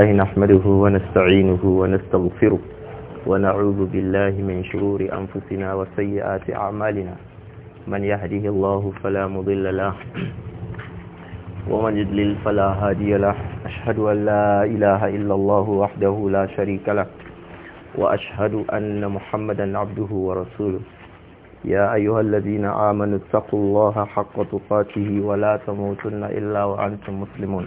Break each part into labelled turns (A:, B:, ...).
A: الله نحمده ونستعينه ونستغفره ونعوذ بالله من شرور أنفسنا وسيئات أعمالنا من يهده الله فلا مضل له ومن يضلل فلا هادي له أشهد أن لا إله إلا الله وحده لا شريك له وأشهد أن محمدا عبده ورسوله يا أيها الذين آمنوا اتقوا الله حق تقاته ولا تموتن إلا وأنتم مسلمون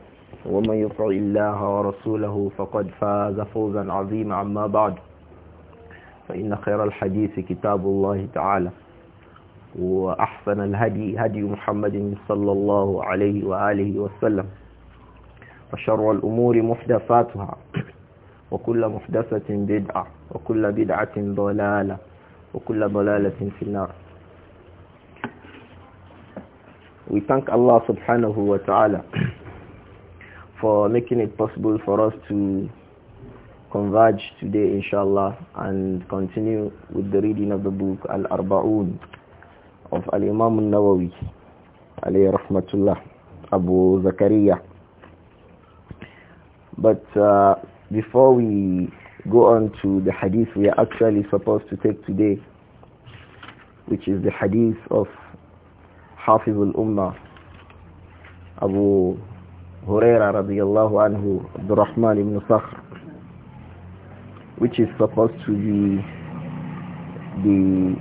A: ومن يطع الله ورسوله فقد فاز فوزا عظيما عما بعد فإن خير الحديث كتاب الله تعالى وأحسن الهدي هدي محمد صلى الله عليه وآله وسلم وشر الأمور محدثاتها وكل محدثة بدعة وكل بدعة ضلالة وكل ضلالة في النار We thank Allah subhanahu wa ta'ala for making it possible for us to converge today inshallah and continue with the reading of the book Al-Arba'un of Al-Imam Al-Nawawi alayhi rahmatullah Abu Zakaria but uh, before we go on to the hadith we are actually supposed to take today which is the hadith of Hafiz al-Ummah Abu Huraira radiallahu anhu, Abdurrahman ibn Sakhr, which is supposed to be the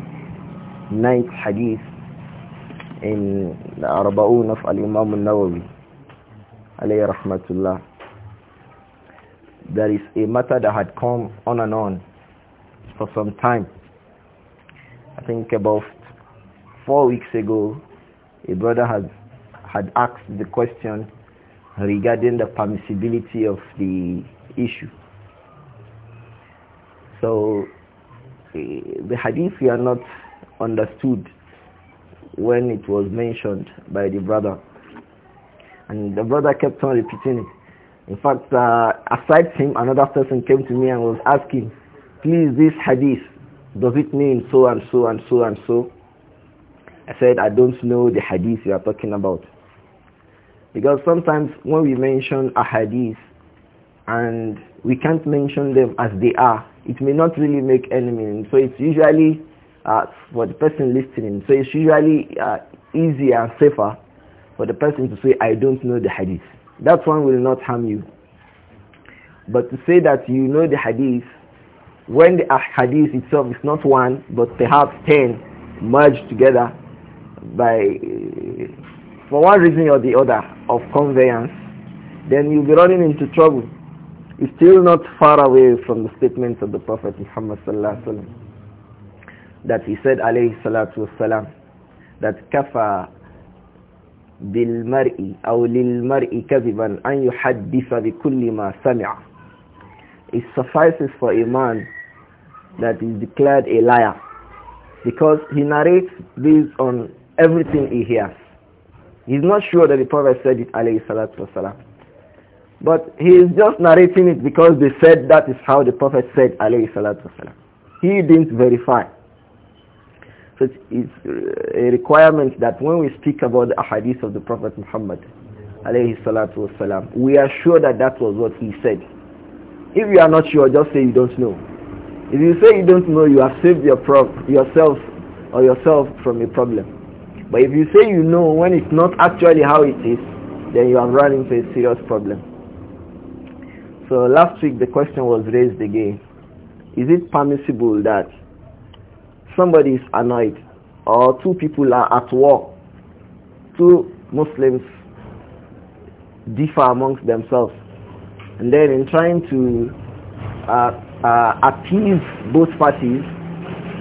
A: ninth hadith in the Arba'un of Al-Imam al-Nawawi, alayhi rahmatullah. There is a matter that had come on and on for some time. I think about four weeks ago, a brother had, had asked the question regarding the permissibility of the issue. So eh, the hadith are not understood when it was mentioned by the brother. And the brother kept on repeating it. In fact, uh, aside him, another person came to me and was asking, please, this hadith, does it mean so and so and so and so? I said, I don't know the hadith you are talking about. Because sometimes when we mention hadith, and we can't mention them as they are, it may not really make any meaning. So it's usually, uh, for the person listening, so it's usually uh, easier and safer for the person to say, I don't know the hadith. That one will not harm you. But to say that you know the hadith, when the hadith itself is not one, but perhaps ten merged together by for one reason or the other of conveyance, then you'll be running into trouble. It's still not far away from the statements of the Prophet Muhammad that he said alayhi salatu wasalam that kafa bil mar'i aw lil mar'i kadhiban an yuhaddisa bi kulli ma sami'a it suffices for a man that is declared a liar because he narrates based on everything he hears He's not sure that the Prophet said it, alayhi salatu wasalam. But he is just narrating it because they said that is how the Prophet said, alayhi salatu wasalam. He didn't verify. So it's a requirement that when we speak about the ahadith of the Prophet Muhammad, alayhi salatu wasalam, we are sure that that was what he said. If you are not sure, just say you don't know. If you say you don't know, you have saved your yourself or yourself from a problem. But if you say you know when it's not actually how it is, then you are running into a serious problem. So last week the question was raised again. Is it permissible that somebody is annoyed or two people are at war? Two Muslims differ amongst themselves. And then in trying to uh, uh, appease both parties,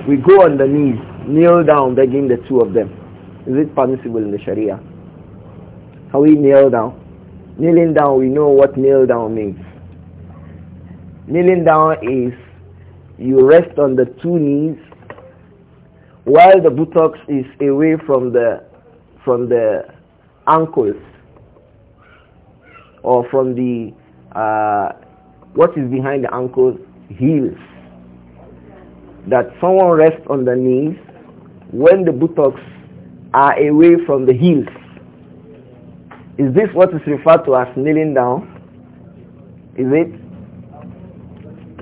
A: we go on the knees, kneel down begging the two of them. Is it permissible in the Sharia? How we kneel down? Kneeling down, we know what kneel down means. Kneeling down is you rest on the two knees while the buttocks is away from the from the ankles or from the uh, what is behind the ankles heels that someone rests on the knees when the buttocks are away from the heels. Is this what is referred to as kneeling down? Is it?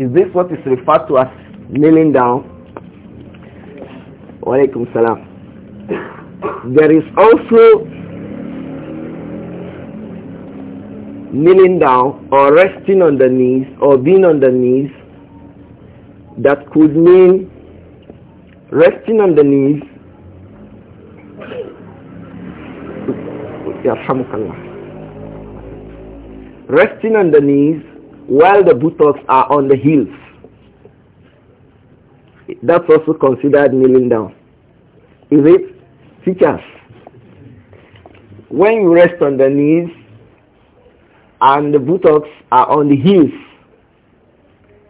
A: Is this what is referred to as kneeling down? Walaikum salam. There is also kneeling down or resting on the knees or being on the knees that could mean resting on the knees Resting on the knees while the buttocks are on the heels. That's also considered kneeling down. Is it? Teachers, when you rest on the knees and the buttocks are on the heels,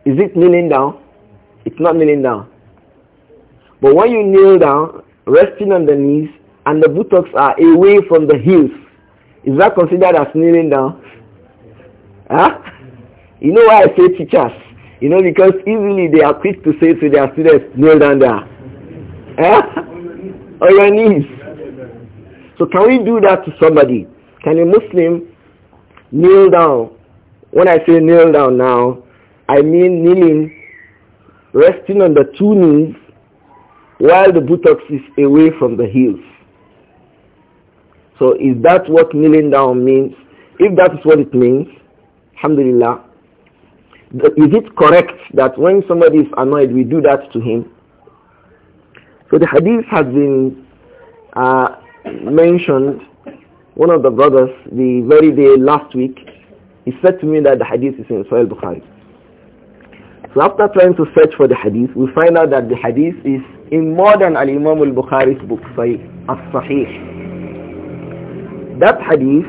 A: is it kneeling down? It's not kneeling down. But when you kneel down, resting on the knees, and the buttocks are away from the heels, is that considered as kneeling down? Huh? You know why I say teachers? You know, because easily they are quick to say to their students, kneel down there. Huh? On your knees. So can we do that to somebody? Can a Muslim kneel down? When I say kneel down now, I mean kneeling, resting on the two knees while the buttocks is away from the heels. So is that what kneeling down means? If that is what it means, alhamdulillah, is it correct that when somebody is annoyed, we do that to him? So the hadith has been uh, mentioned. One of the brothers, the very day last week, he said to me that the hadith is in Sahih Bukhari. So after trying to search for the hadith, we find out that the hadith is in more than Al-Imam al-Bukhari's book, Sahih, As-Sahih. That hadith,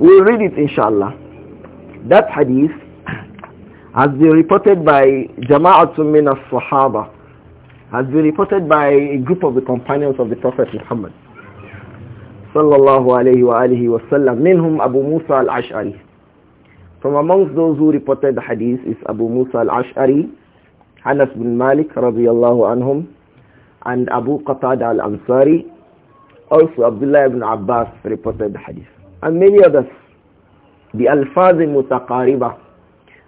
A: we'll read it inshallah. That hadith has been reported by Jama'atun min as-Sahaba, has been reported by a group of the companions of the Prophet Muhammad. Sallallahu alayhi wa alihi wa sallam. Minhum Abu Musa al-Ash'ari. From amongst those who reported the hadith is Abu Musa al-Ash'ari, Hanas bin Malik radiallahu anhum, and Abu Qatada al-Ansari, also, Abdullah ibn Abbas reported the hadith. And many others. The alfaz mutaqariba.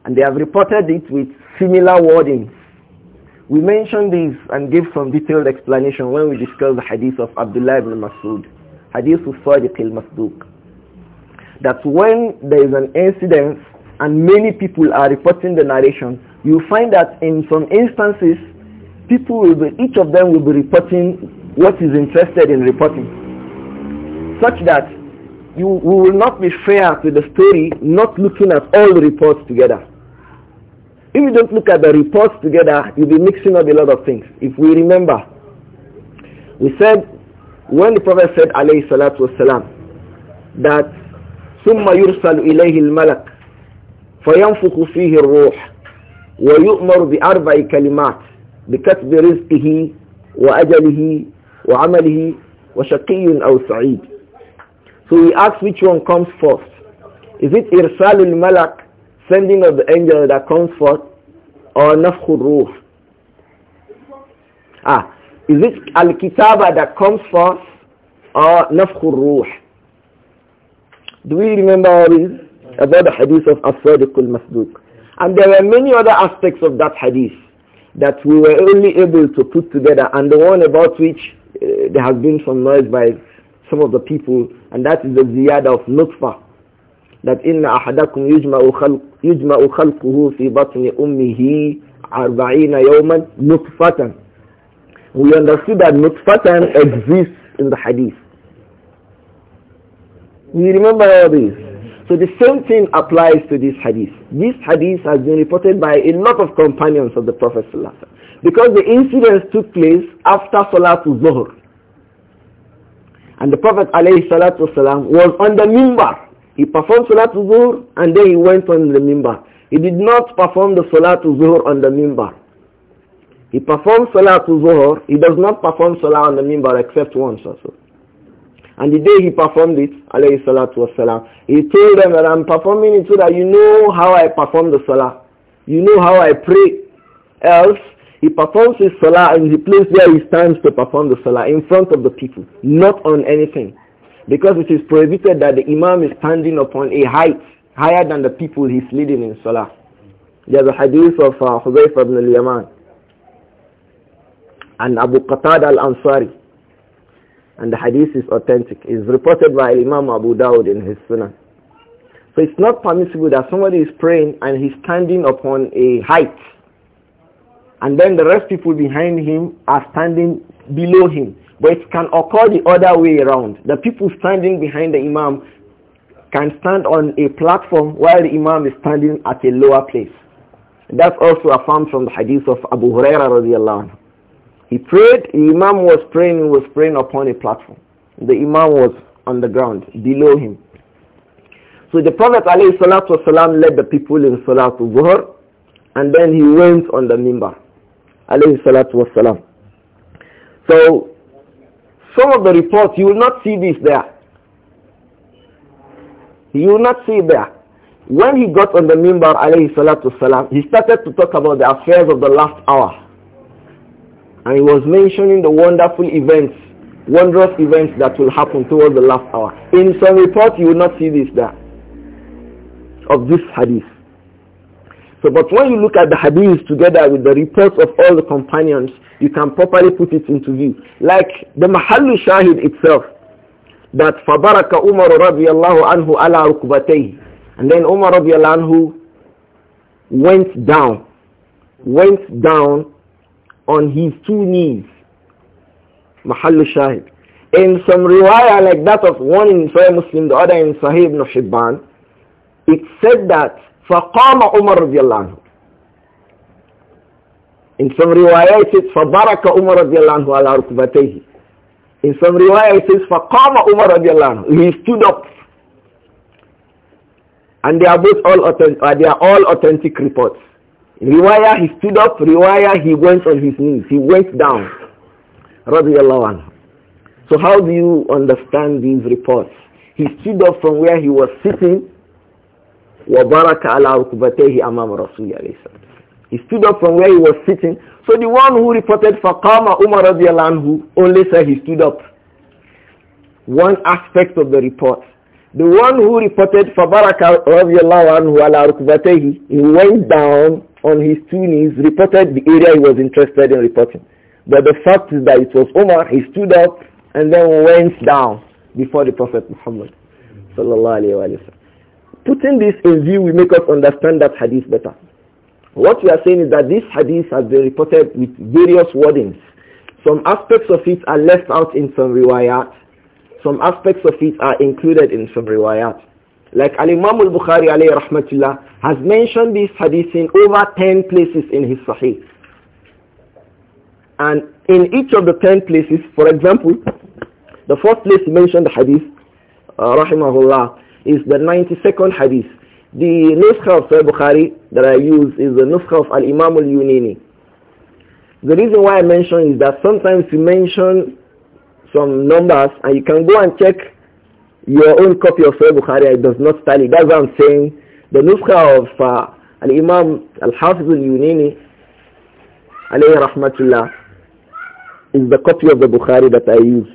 A: And they have reported it with similar wording. We mentioned these and gave some detailed explanation when we discussed the hadith of Abdullah ibn Masud. Hadith of Sadiq al-Masduq. That when there is an incident and many people are reporting the narration, you find that in some instances, people will be, each of them will be reporting what is interested in reporting such that you will not be fair to the story not looking at all the reports together. If you don't look at the reports together, you'll be mixing up a lot of things. If we remember, we said when the Prophet said alayhi salatu wasalam that ثم يرسل إليه الملك فينفخ فيه الروح ويؤمر بأربع كلمات بكتب رزقه وأجله وعمله وشقي أو سعيد So he asks, which one comes first. Is it إرسال الملك, sending of the angel that comes first, or نفخ الروح? Ah, is it al-kitaba that comes first, or نفخ الروح? Do we remember all this? About the hadith of As-Sadiq al-Masduq. And there were many other aspects of that hadith that we were only able to put together and the one about which uh, there has been some noise by some of the people, and that is the ziyada of nutfa. That in ahadakum yujma'u khalquhu fi batni ummihi arba'ina yawman nutfatan. We understood that nutfatan exists in the hadith. You remember all this? So the same thing applies to this hadith. This hadith has been reported by a lot of companions of the Prophet Sallallahu because the incidents took place after Salatul Zuhr. And the Prophet والسلام, was on the mimbar. He performed Salatul Zuhr and then he went on the mimbar. He did not perform the Salatul Zuhr on the mimbar. He performed Salatul Zuhr. He does not perform Salah on the mimbar except once or so. And the day he performed it, alayhi salatu wasalam, he told them that I'm performing it so that you know how I perform the salah. You know how I pray. Else, he performs his salah in the place where he stands to perform the salah, in front of the people, not on anything. Because it is prohibited that the imam is standing upon a height higher than the people he's leading in salah. There's a hadith of uh, Huzayf ibn al-Yaman and Abu Qatad al-Ansari. And the hadith is authentic. It's reported by Imam Abu Dawud in his Sunnah. So it's not permissible that somebody is praying and he's standing upon a height and then the rest people behind him are standing below him. But it can occur the other way around. The people standing behind the imam can stand on a platform while the imam is standing at a lower place. That's also affirmed from the hadith of Abu Huraira radiallahu anhu. He prayed, the imam was praying, he was praying upon a platform. The imam was on the ground, below him. So the Prophet ﷺ led the people in Salatul Zuhr and then he went on the mimbar alayhi salatu wasalam. So, some of the reports, you will not see this there. You will not see there. When he got on the mimbar, alayhi salatu wasalam, he started to talk about the affairs of the last hour. And he was mentioning the wonderful events, wondrous events that will happen towards the last hour. In some reports, you will not see this there, of this hadith. So, but when you look at the hadith together with the reports of all the companions, you can properly put it into view. Like the Mahallu Shahid itself, that فَبَرَكَ أُمَرُ رَضِيَ اللَّهُ عَنْهُ عَلَى رُكْبَتَيْهِ And then Umar رضي went down, went down on his two knees. Mahallu Shahid. In some riwayah like that of one in Sahih Muslim, the other in Sahih ibn Hibban, it said that فقام عمر رضي الله عنه in some riwayah it says فبارك عمر رضي الله عنه على ركبتيه in some riwayah it says فقام عمر رضي الله عنه he stood up and they are both all authentic, uh, they are all authentic reports in riwayah he stood up riwayah he went on his knees he went down رضي الله عنه so how do you understand these reports he stood up from where he was sitting وَبَرَكَ عَلَىٰ أَمَامَ رَسُولِ عَلَيْهِ He stood up from where he was sitting. So the one who reported فَقَامَ Umar radiallahu anhu only said he stood up. One aspect of the report. The one who reported فَبَرَكَ radiallahu who عَلَىٰ رُكْبَتَيْهِ He went down on his two knees, reported the area he was interested in reporting. But the fact is that it was Umar, he stood up and then went down before the Prophet Muhammad. Sallallahu alaihi wasallam. Putting this in view will make us understand that hadith better. What we are saying is that this hadith has been reported with various wordings. Some aspects of it are left out in some riwayat. Some aspects of it are included in some riwayat. Like Al-Imam al-Bukhari alayhi rahmatullah has mentioned this hadith in over 10 places in his Sahih. And in each of the 10 places, for example, the first place he mentioned the hadith, uh, rahimahullah, is the 92nd hadith. The nuskha of Sahih Bukhari that I use is the nuskha of Al-Imam Al-Yunini. The reason why I mention is that sometimes you mention some numbers and you can go and check your own copy of Sahih Bukhari. It does not tally. That's what I'm saying. The nuskha of uh, Al-Imam Al-Hafiz Al-Yunini alayhi rahmatullah is the copy of the Bukhari that I use.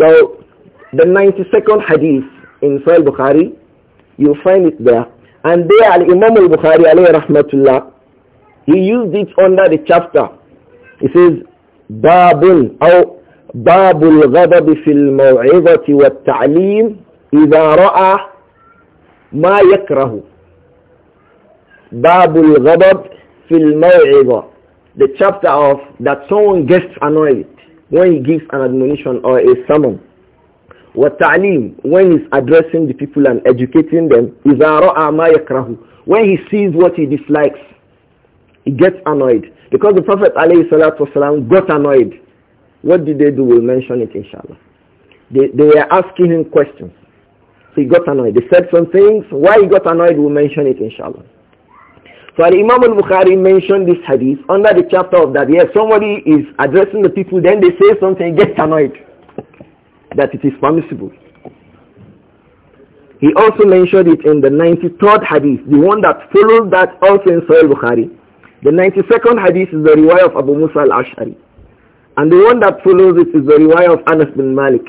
A: So the 92nd hadith in Sahih Bukhari, you find it there. And there Al-Imam Al-Bukhari alayhi rahmatullah, he used it under the chapter. He says, "Babul أو باب الغضب في الموعظة والتعليم إذا رأى ما يكره. باب الغضب في الموعظة. The chapter of that someone gets annoyed when he gives an admonition or a sermon. وَالتَّعْلِيمُ When he's addressing the people and educating them, إِذَا رَأَى مَا يَكْرَهُ When he sees what he dislikes, he gets annoyed. Because the Prophet ﷺ got annoyed. What did they do? We'll mention it inshallah. They, they were asking him questions. So he got annoyed. They said some things. Why he got annoyed, we'll mention it inshallah. So Imam al-Bukhari mentioned this hadith under the chapter of that. Yes, somebody is addressing the people, then they say something, he gets annoyed. that it is permissible. He also mentioned it in the 93rd hadith, the one that followed that also in Sahih Bukhari. The 92nd hadith is the riwayah of Abu Musa al-Ash'ari. And the one that follows it is the riwayah of Anas bin Malik.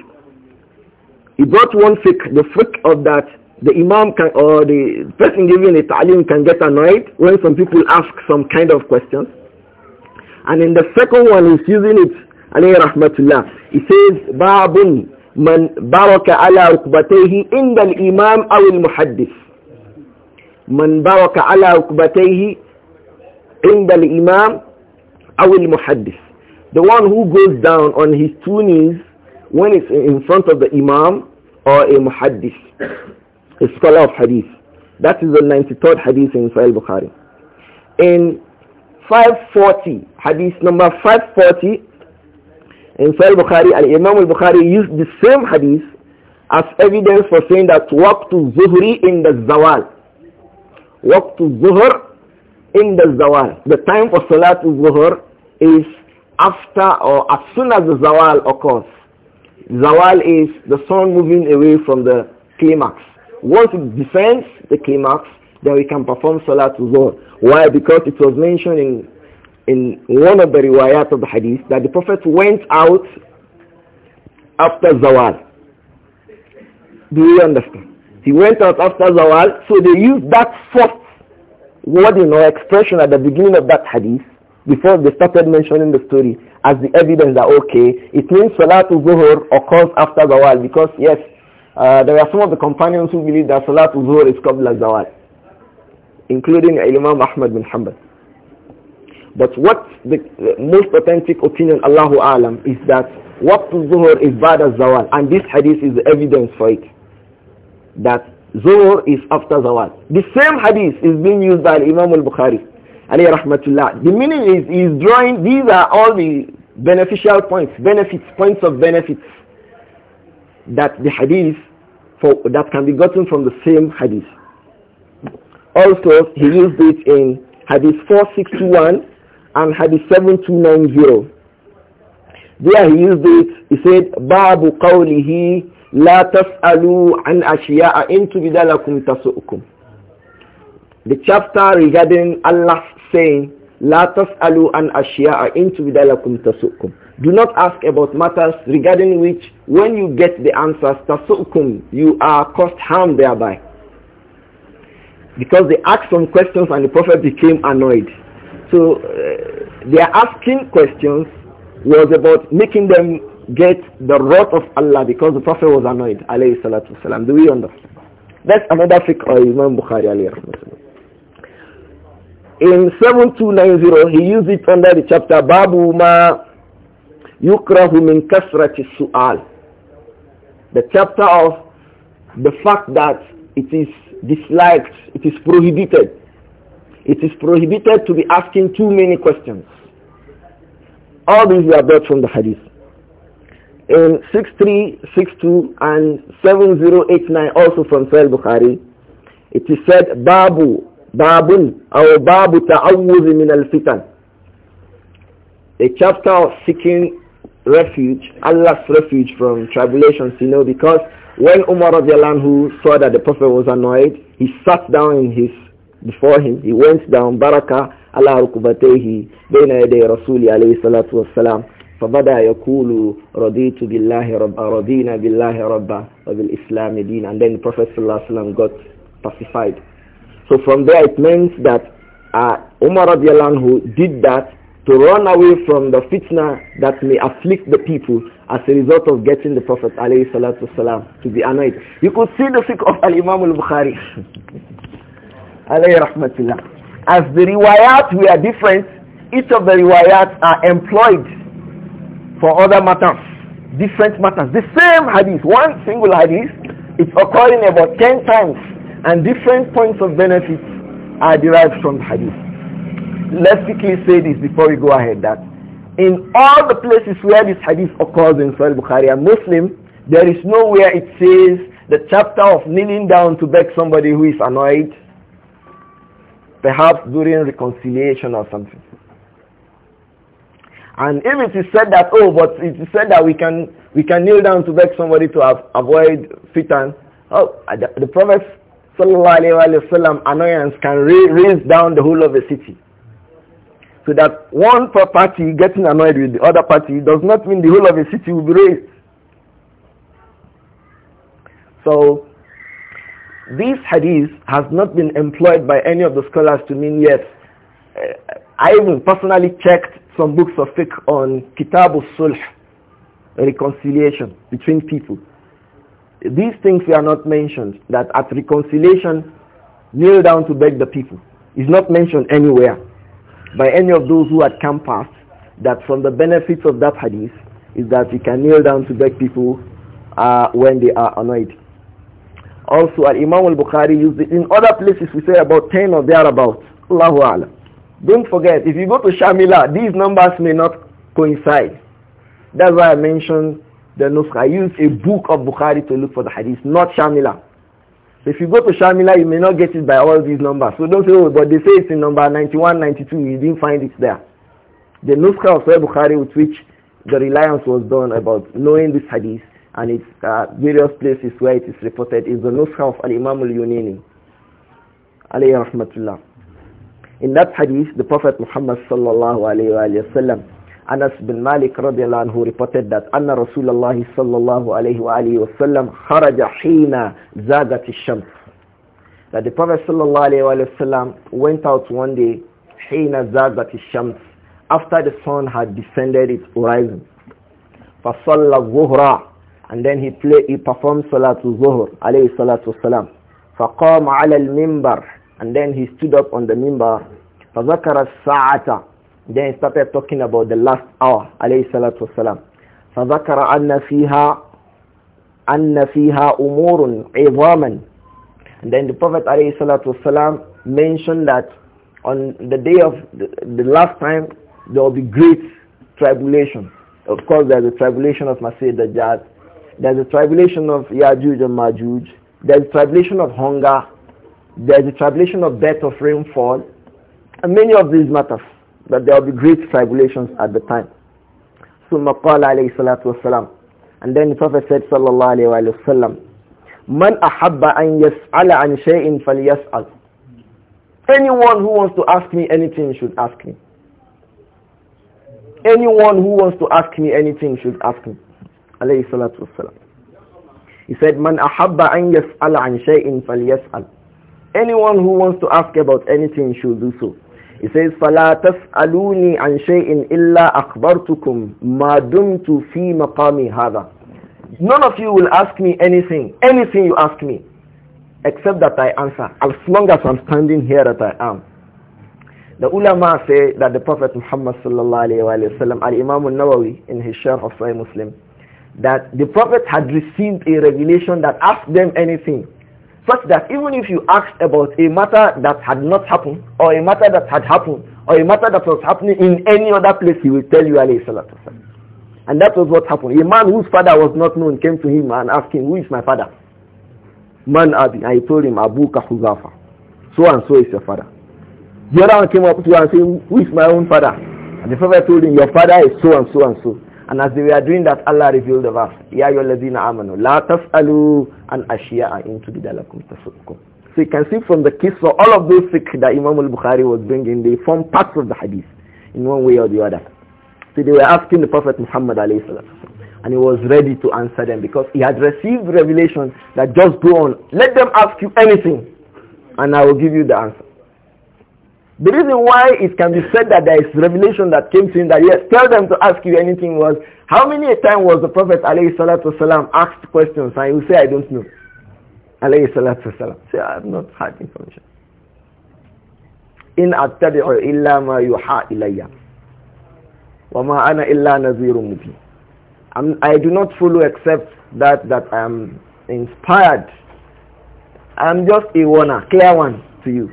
A: He brought one fiqh, the fiqh of that the imam can, or the person giving the ta'lim can get annoyed when some people ask some kind of questions. And in the second one, he's using it, alayhi rahmatullah. He says, Babun من بارك على ركبتيه عند الإمام أو المحدث من بارك على ركبتيه عند الإمام أو المحدث the one who goes down on his two knees when it's in front of the imam or a muhaddith a scholar of hadith that is the 93rd hadith in Sahih Bukhari in 540 hadith number 540 In Sahih Bukhari, and Imam al-Bukhari used the same hadith as evidence for saying that waqtu zuhri in the zawal. Waqtu zuhr in the zawal. The time for salatu zuhr is after or as soon as the zawal occurs. Zawal is the sun moving away from the climax. Once it descends the climax, then we can perform salatu zuhr. Why? Because it was mentioned in in one of the riwayat of the hadith that the Prophet went out after Zawal. Do you understand? He went out after Zawal, so they used that first wording or expression at the beginning of that hadith before they started mentioning the story as the evidence that okay, it means Salatul Zuhur occurs after Zawal because yes, uh, there are some of the companions who believe that Salatul Zuhur is Qabla Zawal, including Imam Ahmad bin Hanbal. But what the, most authentic opinion, Allahu Alam, is that what zuhur is bad as zawal. And this hadith is the evidence for it. That zuhur is after zawal. The same hadith is being used by Imam al-Bukhari. Alayhi rahmatullah. The meaning is, is drawing, these are all the beneficial points, benefits, points of benefits that the hadith, for, that can be gotten from the same hadith. Also, he used it in hadith 461 and hadith 7290. There he used it, he said, Babu qawlihi la tas'alu an ashiya'a in tubidalakum tasu'ukum. The chapter regarding Allah saying, La tas'alu an ashiya'a in tubidalakum tasu'ukum. Do not ask about matters regarding which when you get the answers, tasu'ukum, you are caused harm thereby. Because they asked some questions and the Prophet became annoyed. So uh, their asking questions was about making them get the wrath of Allah because the Prophet was annoyed. Alayhi salatu wasalam. Do we understand? That's another fiqh of Imam Bukhari alayhi In 7290, he used it under the chapter Babu Ma Yukrahu Min Kasrati Su'al. The chapter of the fact that it is disliked, it is prohibited it is prohibited to be asking too many questions. All these are brought from the hadith. In 6362 and 7089 also from Sahih Bukhari, it is said, Babu, Babun, or Babu ta'awuz min al-fitan. A chapter of seeking refuge, Allah's refuge from tribulations, you know, because when Umar radiallahu saw that the Prophet was annoyed, he sat down in his before him. He went down, baraka ala rukubatehi, bayna yaday rasuli alayhi salatu wassalam. فبدا يقول رضيت بالله ربا رضينا بالله ربا وبالإسلام دين and then the Prophet صلى الله عليه وسلم got pacified so from there it means that uh, Umar radiallahu who did that to run away from the fitna that may afflict the people as a result of getting the Prophet alayhi salatu wasalam to be annoyed. You could see the sick of Al-Imam al-Bukhari. alayhi rahmatullah. As the riwayat we are different, each of the riwayat are employed for other matters, different matters. The same hadith, one single hadith, it's occurring about 10 times and different points of benefit are derived from the hadith. Let's quickly say this before we go ahead that in all the places where this hadith occurs in Sahih Bukhari and Muslim, there is nowhere it says the chapter of kneeling down to beg somebody who is annoyed Perhaps during reconciliation or something. And if it is said that, oh, but it is said that we can, we can kneel down to beg somebody to have avoid fitan, oh, uh, the, the Prophet wasallam annoyance can ra raise down the whole of the city. So that one party getting annoyed with the other party does not mean the whole of the city will be raised. So this hadith has not been employed by any of the scholars to mean yet. I even personally checked some books of fiqh on Kitab sulh reconciliation between people. These things were not mentioned, that at reconciliation, kneel down to beg the people. is not mentioned anywhere by any of those who had come past that from the benefits of that hadith is that you can kneel down to beg people uh, when they are annoyed. Also, Al-Imam al-Bukhari used it. In other places, we say about 10 or thereabouts. Allahu A'lam. Don't forget, if you go to Shamila, these numbers may not coincide. That's why I mentioned the Nusrah. I used a book of Bukhari to look for the hadith, not Shamila. So if you go to Shamila, you may not get it by all these numbers. So don't say, oh, but they say it's in number 91, 92. You didn't find it there. The Nusrah of Sahih Bukhari with which the reliance was done about knowing this hadith and its uh, various places where it is reported is the Nusra of Al-Imam Al-Yunini. Alayhi rahmatullah. In that hadith, the Prophet Muhammad sallallahu alayhi wa sallam, Anas bin Malik radiallahu anhu reported that Anna Rasulullah sallallahu alayhi wa alayhi wa sallam kharaja hina zagat shams That the Prophet sallallahu alayhi wa sallam went out one day hina zagat shams after the sun had descended its horizon. فَصَلَّ الظُّهْرَ and then he play he performed salatul zuhur alayhi salatu wasalam فقام al mimbar and then he stood up on the minbar فذكر الساعة then he started talking about the last hour عليه الصلاة والسلام فذكر anna fiha anna fiha umurun عظاما and then the Prophet عليه الصلاة والسلام mentioned that on the day of the, the last time there will be great tribulation of course there's a tribulation of Masih Dajjal there's a tribulation of Yajuj and Majuj. There's a tribulation of hunger. There's a tribulation of death of rainfall. And many of these matters, that there will be great tribulations at the time. ثم قال عليه الصلاة والسلام and then the Prophet said Salallahu alayhi wa sallam من أحب أن يسأل عن شيء فليسأل anyone who wants to ask me anything should ask me anyone who wants to ask me anything should ask me alayhi salatu He said, Man ahabba an yas'al an shay'in falyas'al. Anyone who wants to ask about anything should do so. He says, فَلَا تَسْأَلُونِي عَنْ شَيْءٍ إِلَّا أَخْبَرْتُكُمْ مَا دُمْتُ فِي مَقَامِ None of you will ask me anything, anything you ask me, except that I answer, as long as I'm standing here that I am. The ulama say that the Prophet Muhammad sallallahu alayhi wa sallam, al-Imam al-Nawawi in his Sharh of Sahih Muslim, that the prophet had received a revelation that asked them anything such that even if you asked about a matter that had not happened or a matter that had happened or a matter that was happening in any other place he will tell you alayhi salatu and that was what happened a man whose father was not known came to him and asked him who is my father man abi and he told him abu kahuzafa so and so is your father the other one came up to you and said who is my own father and the prophet told him your father is so and so and so and as they were doing that, Allah revealed the verse, Ya ayyuhallazina amanu, la tas'alu an ashiya'a into the dalakum tasukum. So you can see from the kiss, so all of those fiqh that Imam al-Bukhari was bringing, they form parts of the hadith in one way or the other. So they were asking the Prophet Muhammad and he was ready to answer them because he had received revelation that just go on, let them ask you anything and I will give you the answer. The reason why it can be said that there is revelation that came to him that yes, tell them to ask you anything was how many a time was the Prophet alayhi salatu wasalam asked questions and he would say, I don't know. Alayhi salatu wasalam. Say, I have not had information. In attabi'u illa ma yuha ilayya. Wa ma ana illa nazirun I do not follow except that that I am inspired. I am just a warner, clear one to you.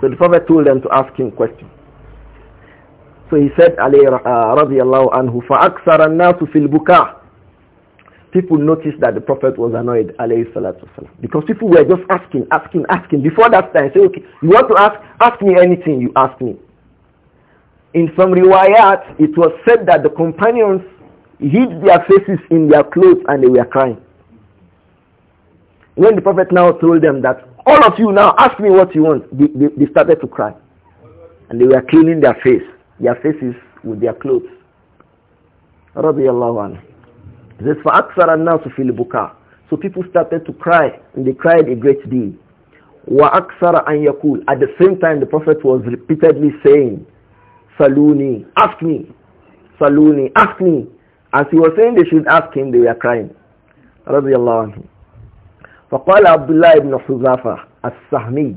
A: So the Prophet told them to ask him questions. So he said, uh, radiyallahu anhu, فَأَكْثَرَ النَّاسُ فِي الْبُكَاءِ People noticed that the Prophet was annoyed, salatu Because people were just asking, asking, asking. Before that time, say, okay, you want to ask? Ask me anything you ask me. In some riwayat, it was said that the companions hid their faces in their clothes and they were crying. When the Prophet now told them that all of you now, ask me what you want. They, they, they started to cry. And they were cleaning their face, their faces with their clothes. Radiallahu anhu. It says, فَأَكْثَرَ النَّاسُ فِي So people started to cry, and they cried a great deal. وَأَكْثَرَ أَنْ At the same time, the Prophet was repeatedly saying, Saluni, ask me. Saluni, ask me. As he was saying they should ask him, they were crying. Radiallahu anhu. فقال عبد الله بن حذافة السهمي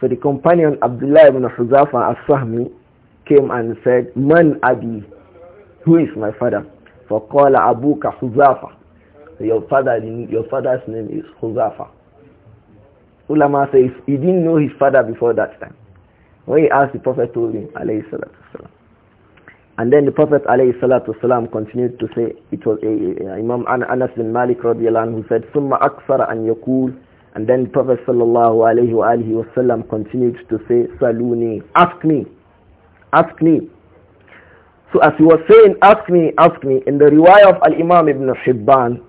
A: So the companion Abdullah ibn Huzafa al-Sahmi came and said, Man Abi, who is my father? فقال أبوك حذافة Your father, your father's name is Huzafa. Ulama says he didn't know his father before that time. When he asked the Prophet told him, alayhi salatu and then the Prophet والسلام, continued to say, it was eh, eh, Imam Anas bin Malik radiallahu who said, ثُمَّ أَكْثَرَ أَنْ يَقُولُ And then the Prophet وسلم, continued to say, Saluni, ask me, ask me. So as he was saying, ask me, ask me, in the riwayah of Al-Imam Ibn Hibban,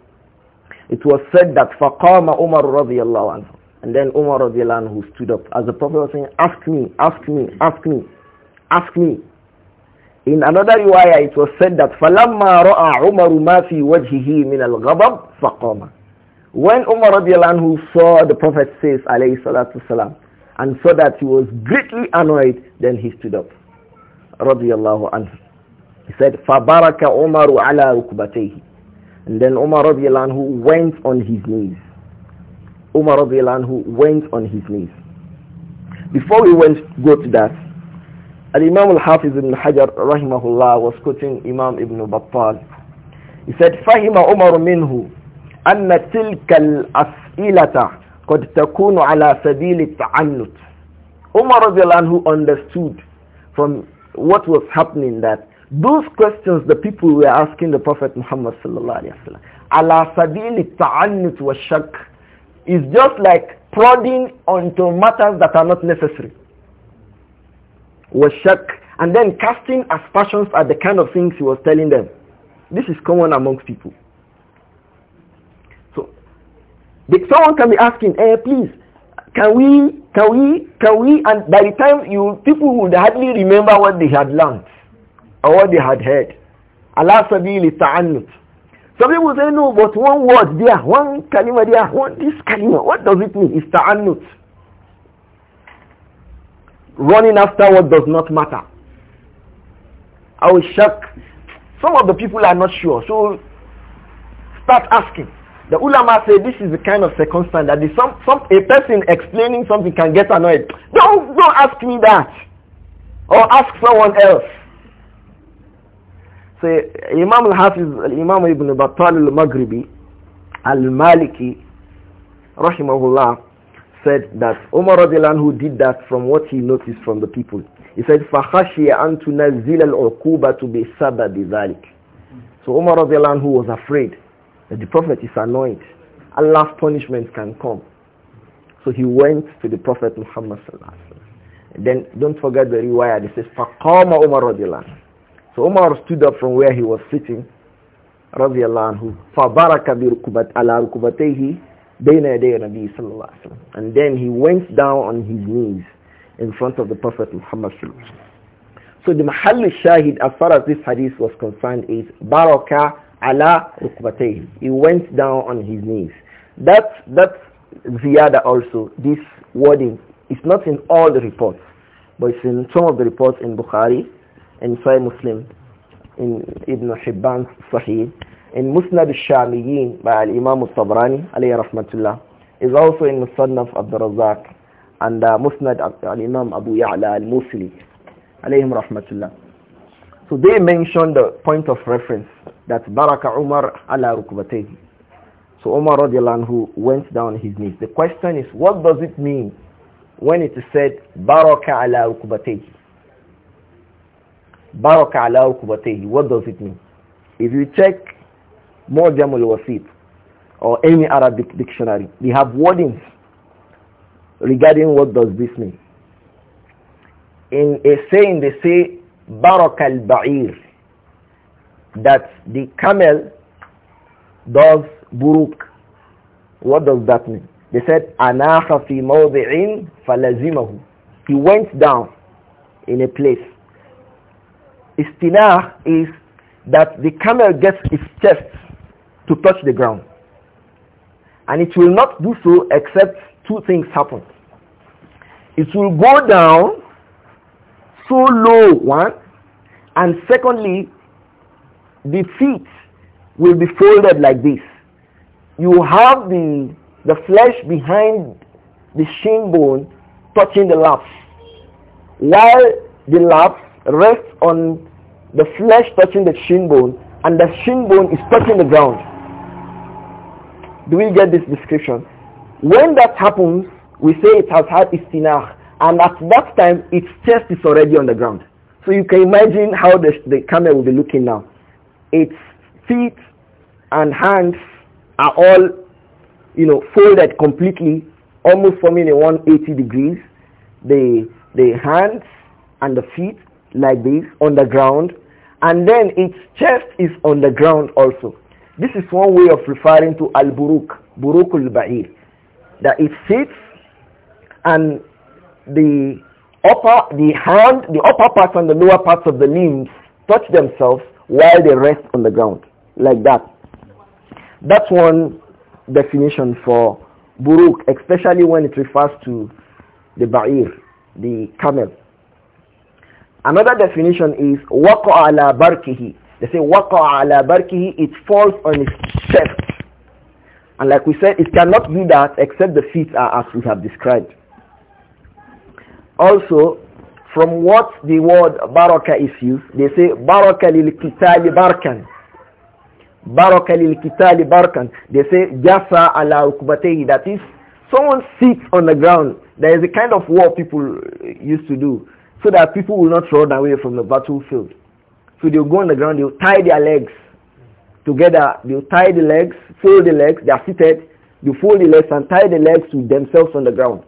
A: it was said that فَقَامَ Umar radiallahu anhu. And then Umar radiallahu anhu stood up. As the Prophet was saying, ask me, ask me, ask me, ask me. In another riwayah, it was said that فَلَمَّا رَأَى عُمَرُ مَا فِي وَجْهِهِ مِنَ الْغَضَبِ فَقَامَ When Umar who saw the Prophet says, alayhi salatu salam, and saw that he was greatly annoyed, then he stood up. Radiallahu anhu. He said, فَبَارَكَ عُمَرُ عَلَى رُكْبَتَيْهِ And then Umar who went on his knees. Umar who went on his knees. Before we went go to that, Al-Imam al-Hafiz ibn Hajar rahimahullah was quoting Imam ibn Battal. He said, "Fahima فَهِمَ عُمَرُ مِنْهُ أَنَّ تِلْكَ الْأَسْئِلَةَ قَدْ تَكُونُ عَلَى سَبِيلِ the Umar who understood from what was happening that those questions the people were asking the Prophet Muhammad sallallahu alayhi wasallam sallam, ala sabili ta'annut wa shak, is just like prodding onto matters that are not necessary was shocked and then casting aspersions at the kind of things he was telling them. This is common amongst people. So someone can be asking, eh, please, can we, can we, can we, and by the time you, people would hardly remember what they had learned or what they had heard. Allah sabili ta'annut. Some people say, no, but one word there, one kalima there, one, this kalima, what does it mean? It's ta'annut running after what does not matter. I will shock. Some of the people are not sure. So start asking. The ulama say this is the kind of circumstance that some, some, a person explaining something can get annoyed. Don't, don't ask me that. Or ask someone else. Say so, Imam al-Hafiz, Imam Ibn Battal al-Maghribi, al-Maliki, rahimahullah, said that Umar who did that from what he noticed from the people. He said, فَخَشِيَ أَن تُنَزِّلَ الْعُقُوبَةُ بِسَبَبِ ذَلِكَ So Umar who was afraid that the Prophet is annoyed. Allah's punishment can come. So he went to the Prophet Muhammad and Then don't forget the riwayah. It says, فَقَامَ Omar رَضِيَ So Umar stood up from where he was sitting رضي الله عنه فبارك بركبت على ركبتيه and then he went down on his knees in front of the Prophet Muhammad So the Mahal Shahid as far as this hadith was concerned is Baraka ala rukbatayhi. He went down on his knees. That, that ziyada also, this wording, is not in all the reports, but it's in some of the reports in Bukhari, in Sahih Muslim, in Ibn Hibban's Sahih, in Musnad al-Shamiyin by al Imam al-Tabrani alayhi rahmatullah is also in Musnad Abdul Razak and uh, Musnad al-Imam Abu Ya'la al-Musili alayhim rahmatullah so they mentioned the point of reference that Baraka Umar ala rukbatayhi so Umar radiallahu anhu went down his knees the question is what does it mean when it is said Baraka ala rukbatayhi Baraka ala rukbatayhi what does it mean if you check Mu'jam al-Wasit or any Arabic dictionary. They have wordings regarding what does this mean. In a saying they say Barak al-Ba'ir that the camel does buruk. What does that mean? They said anaha fi mawdi'in falazimahu. He went down in a place. Istinah is that the camel gets its chest to touch the ground. And it will not do so except two things happen. It will go down so low, one, and secondly, the feet will be folded like this. You have the, the flesh behind the shin bone touching the lap. while the lap rests on the flesh touching the shin bone, and the shin bone is touching the ground. Do we get this description? When that happens, we say it has had istinah. And at that time, its chest is already on the ground. So you can imagine how the, the camel will be looking now. Its feet and hands are all, you know, folded completely, almost forming a 180 degrees. The, the hands and the feet like this on the ground. And then its chest is on the ground also. This is one way of referring to al-buruk, burukul ba'ir, that it sits and the upper, the hand, the upper part and the lower parts of the limbs touch themselves while they rest on the ground, like that. That's one definition for buruk, especially when it refers to the ba'ir, the camel. Another definition is waqa ala barkihi, they say waqa ala barkihi, it falls on its chest. And like we said, it cannot do that except the feet are as we have described. Also, from what the word baraka is used, they say baraka lil kitali barkan. Baraka lil kitali barkan. They say jasa ala ukubatehi. That is, someone sits on the ground. There is a kind of war people used to do so that people will not run away from the battlefield. So they'll go on the ground, they'll tie their legs together. They'll tie the legs, fold the legs, they are seated. They fold the legs and tie the legs to themselves on the ground.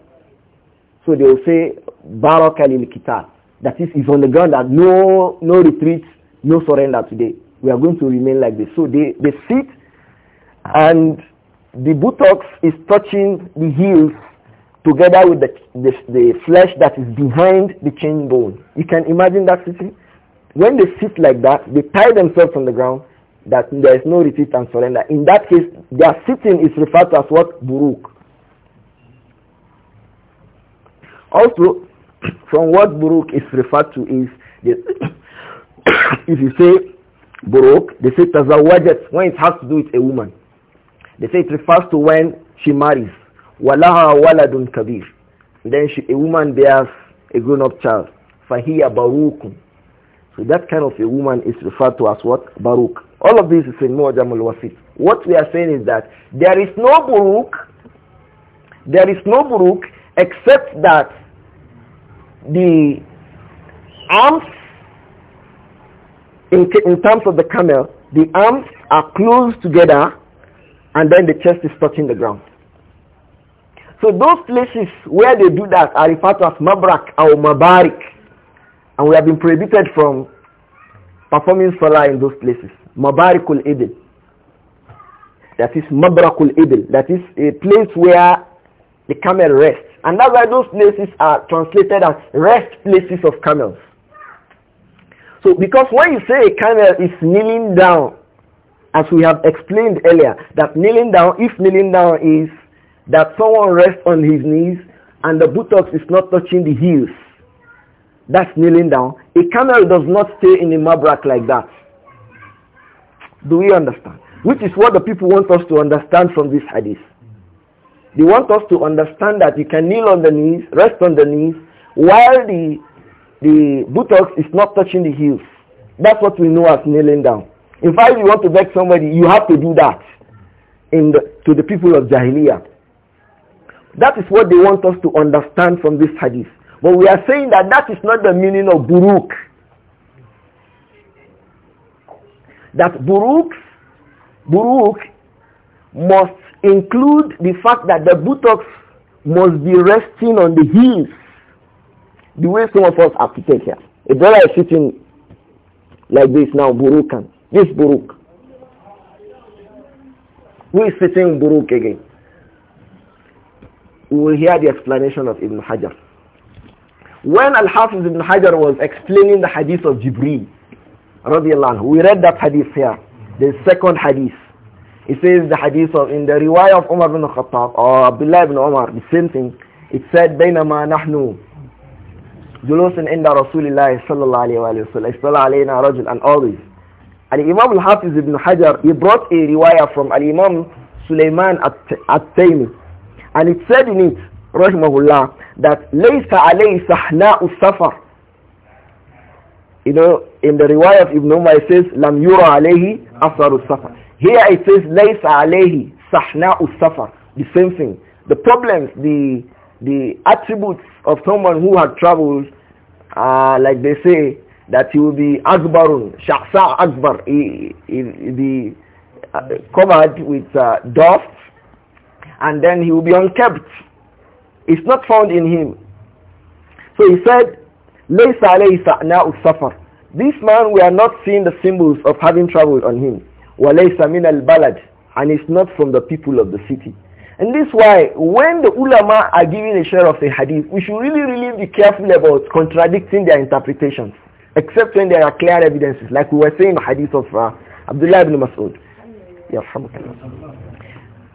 A: So they will say, Barak al Kitab. That is, it's on the ground that no, no retreat, no surrender today. We are going to remain like this. So they, they sit and the buttocks is touching the heels together with the, the, the flesh that is behind the chin bone. You can imagine that sitting when they sit like that, they tie themselves on the ground that there is no retreat and surrender. In that case, their sitting is referred to as what? Buruk. Also, from what Buruk is referred to is, if you say Buruk, they say Tazawajet, when it has to do with a woman. They say it refers to when she marries. Walaha waladun kabir. Then she, a woman bears a grown-up child. Fahiya barukun so that kind of a woman is referred to as what? Baruch. All of this is in Mu'jam al-Wasit. What we are saying is that there is no Baruch, there is no Baruch except that the arms, in, in terms of the camel, the arms are close together and then the chest is touching the ground. So those places where they do that are referred to as Mabrak or Mabarik. And we have been prohibited from performing salah in those places. Mabarikul Idil. That is Mabrakul Idil. That is a place where the camel rests. And that's why those places are translated as rest places of camels. So because when you say a camel is kneeling down, as we have explained earlier, that kneeling down, if kneeling down is that someone rests on his knees and the buttocks is not touching the heels, that's kneeling down. A camel does not stay in a mabrak like that. Do we understand? Which is what the people want us to understand from this hadith. They want us to understand that you can kneel on the knees, rest on the knees, while the, the buttocks is not touching the heels. That's what we know as kneeling down. In fact, you want to beg somebody, you have to do that in the, to the people of Jahiliyyah. That is what they want us to understand from this hadith. But we are saying that that is not the meaning of buruk. That buruk, buruk must include the fact that the buttocks must be resting on the heels, the way some of us have to take here. A brother is sitting like this now, burukan. This buruk. Who is sitting buruk again? We will hear the explanation of Ibn Hajar. When Al-Hafiz ibn Hajar was explaining the hadith of Jibreel, radiallahu anhu, we read that hadith here, the second hadith. It says the hadith of, in the riwayah of Umar ibn Khattab, or Abdullah ibn Umar, the same thing. It said, بينما نحن جلوس عند رسول الله صلى الله عليه وآله وسلم اصطلع علينا رجل and all this. And imam al-Hafiz ibn Hajar, he brought a riwayah from Al-Imam Sulaiman at-Taymi. And it said in it, rahimahullah, that laysa alayhi سَحْنَاءُ safar. You know, in the riwayah of Ibn Umar it says, lam yura alayhi أَثَرُ safar. Here it says, laysa alayhi سَحْنَاءُ safar. The same thing. The problems, the, the attributes of someone who had traveled, uh, like they say, that he will be akbarun, shaksa akbar, he, he, he be uh, covered with uh, dust, and then he will be unkempt. It's not found in him. So he said, لَيْسَ This man, we are not seeing the symbols of having traveled on him. وَلَيْسَ مِنَ الْبَلَدِ And it's not from the people of the city. And this why, when the ulama are giving a share of the hadith, we should really, really be careful about contradicting their interpretations, except when there are clear evidences, like we were saying the hadith of uh, Abdullah ibn Mas'ud. Yeah,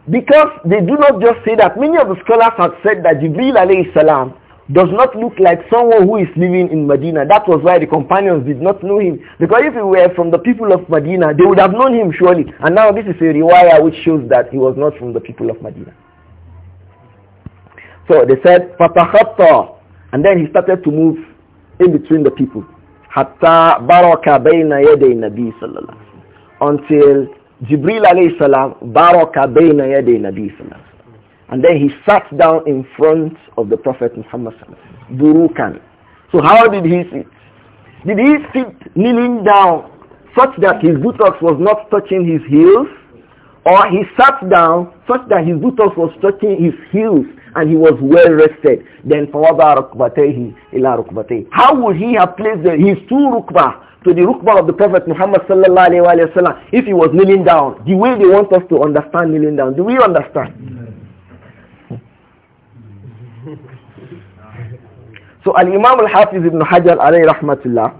A: because they do not just say that. Many of the scholars have said that Jibril alayhi salam does not look like someone who is living in Medina. That was why the companions did not know him. Because if he were from the people of Medina, they would have known him surely. And now this is a riwayah which shows that he was not from the people of Medina. So they said, فَتَخَطَّى And then he started to move in between the people. hatta بَرَكَ بَيْنَ يَدَيْ النَّبِي Until Jibril alayhi salam baraka bayna yaday Nabi sallallahu and then he sat down in front of the Prophet Muhammad sallallahu burukan. So how did he sit? Did he sit kneeling down such that his buttocks was not touching his heels? Or he sat down such that his buttocks was touching his heels and he was well rested. Then فَوَضَى رُكْبَتَيْهِ إِلَى رُكْبَتَيْهِ How would he have placed the, his two rukbah to the rukbah of the Prophet Muhammad sallallahu alayhi wa sallam if he was kneeling down. The way they want us to understand kneeling down. Do we understand? so Al-Imam Al-Hafiz ibn Hajar alayhi rahmatullah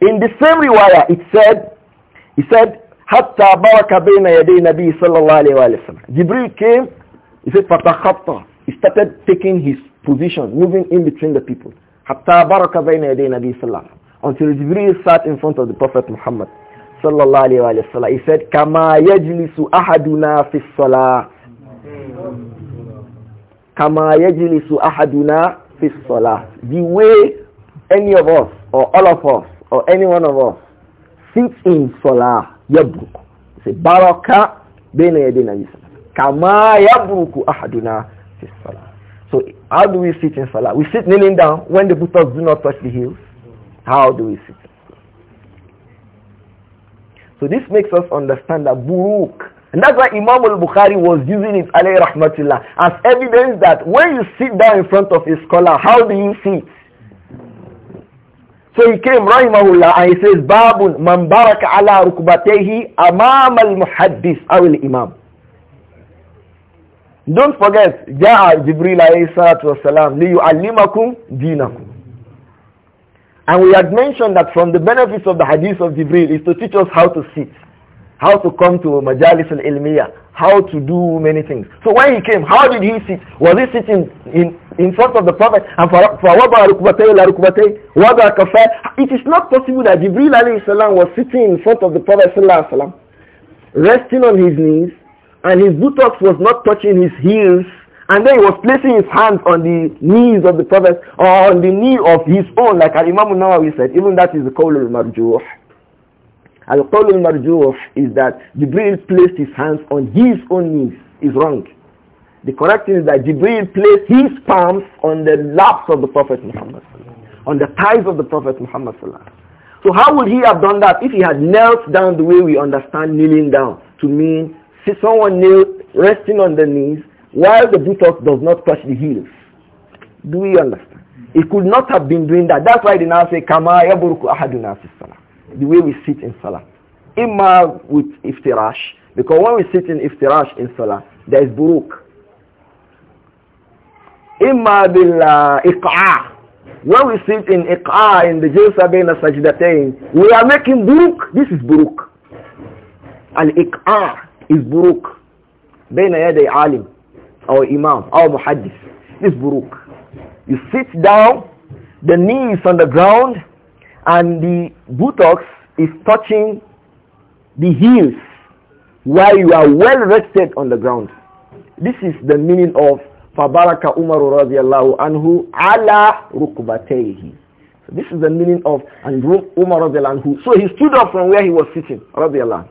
A: in the same riwayah it said he said حتى بارك بين يدي النبي صلى الله عليه وسلم Jibril came he said فتخطى he started taking his position moving in between the people حتى بارك بين يدي النبي صلى الله until Jibril sat in front of the Prophet Muhammad sallallahu alayhi wa sallam. He said, Kama yajlisu ahaduna fi salah. Kama yajlisu ahaduna fi salah. The way any of us or all of us or any one of us sits in salah, yabruk. He a baraka bina yadina yisa. Kama yabruku ahaduna fi salah. So how do we sit in salah? We sit kneeling down when the buttocks do not touch the heels. How do we sit? So this makes us understand that buruk. And that's why Imam al-Bukhari was using it, alayhi rahmatullah, as evidence that when you sit down in front of a scholar, how do you sit? So he came, rahimahullah, and he says, Babun man baraka ala rukbatehi amam al-muhaddis awil imam. Don't forget, Ja'a Jibril alayhi salatu wasalam, liyu'allimakum dinakum. And we had mentioned that from the benefits of the hadith of Jibril is to teach us how to sit, how to come to majalis al-ilmiyah, how to do many things. So when he came, how did he sit? Was he sitting in, in front of the Prophet? And for It is not possible that Jibril alayhi salam was sitting in front of the Prophet sallallahu salam, resting on his knees, and his buttocks was not touching his heels and then he was placing his hands on the knees of the Prophet or on the knee of his own, like al Imam Nawawi said. Even that is the Qawl al-Marjuh. Al-Qawl al-Marjuh is that Jibril placed his hands on his own knees. Is wrong. The correct thing is that Jibril placed his palms on the laps of the Prophet Muhammad, on the thighs of the Prophet Muhammad. So how would he have done that if he had knelt down the way we understand kneeling down to mean see someone kneel resting on the knees while the buttocks does not touch the heels. Do we understand? It could not have been doing that. That's why they now say, Kama yaburuku ahaduna salah. The way we sit in salah. Imma with iftirash. Because when we sit in iftirash in salah, there is buruk. Imma bil uh, iq'a. When we sit in iq'a in the jalsa bayna sajdatain, we are making buruk. This is buruk. Al iq'a is buruk. Bayna yaday alim or imam or muhaddis. This buruk. You sit down, the knee is on the ground, and the buttocks is touching the heels while you are well rested on the ground. This is the meaning of Fabaraka Umar radiallahu anhu ala rukbatayhi. So this is the meaning of and Umar radiallahu anhu. So he stood up from where he was sitting radiallahu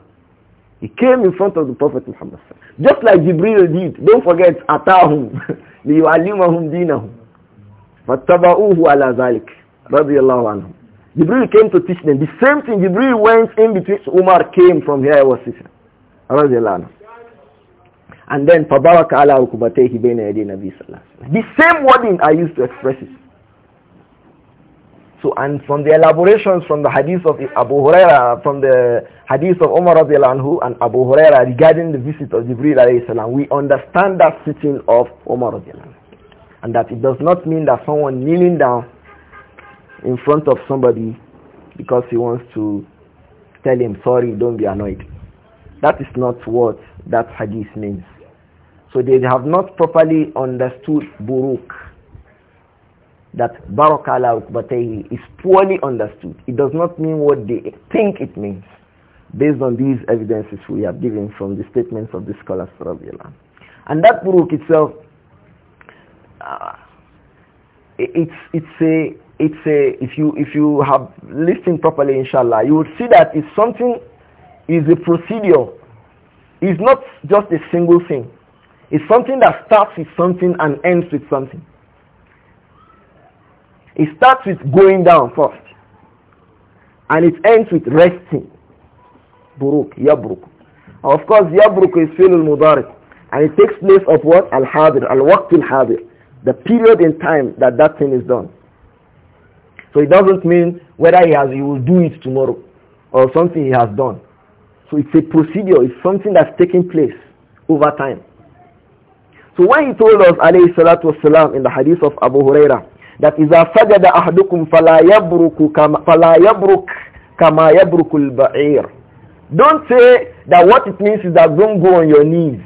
A: he came in front of the Prophet Muhammad. Just like Jibril did. Don't forget, Atahum. لِيُعَلِّمَهُمْ dinahum, فَاتَّبَعُوهُ ala ذَلِكَ رَضِيَ اللَّهُ Jibril came to teach them. The same thing Jibril went in between Umar came from here I was sitting. رضي الله And then فَبَارَكَ عَلَى عُقُبَتَيْهِ بَيْنَ يَدِي The same wording I used to express it. So, and from the elaborations from the hadith of Abu Huraira, from the hadith of Umar anhu and Abu Huraira regarding the visit of Jibril alayhi salam, we understand that sitting of Umar anhu. And that it does not mean that someone kneeling down in front of somebody because he wants to tell him, sorry, don't be annoyed. That is not what that hadith means. So they have not properly understood buruk that baraka ala is poorly understood. It does not mean what they think it means based on these evidences we have given from the statements of the scholars and that buruk itself uh, it's it's a it's a if you if you have listened properly inshallah you would see that it's something is a procedure it's not just a single thing it's something that starts with something and ends with something it starts with going down first. And it ends with resting. Buruk, yabruk. Of course, yabruk is fi'l al-mudari. And it takes place of what? Al-hadir, al-waqt al-hadir. The period in time that that thing is done. So it doesn't mean whether he has, he will do it tomorrow or something he has done. So it's a procedure. It's something that's taking place over time. So when he told us, alayhi salatu wasalam, in the hadith of Abu Huraira, that إذا سجد ahadukum فلا يبرك كما فلا يبرك كما يبرك البعير don't say that what it means is that don't go on your knees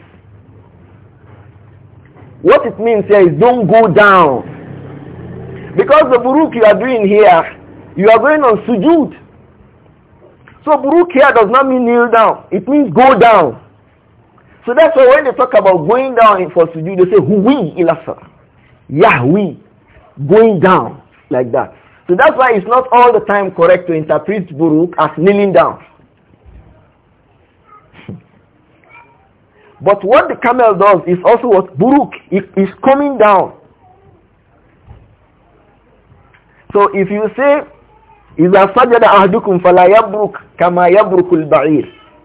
A: what it means here is don't go down because the buruk you are doing here you are going on sujood so buruk here does not mean kneel down it means go down so that's why when they talk about going down for sujood they say huwi ilasa yahwi going down like that. So that's why it's not all the time correct to interpret buruk as kneeling down. But what the camel does is also what buruk is coming down. So if you say إذا سجد أحدكم buruk kama ya burukul ba'ir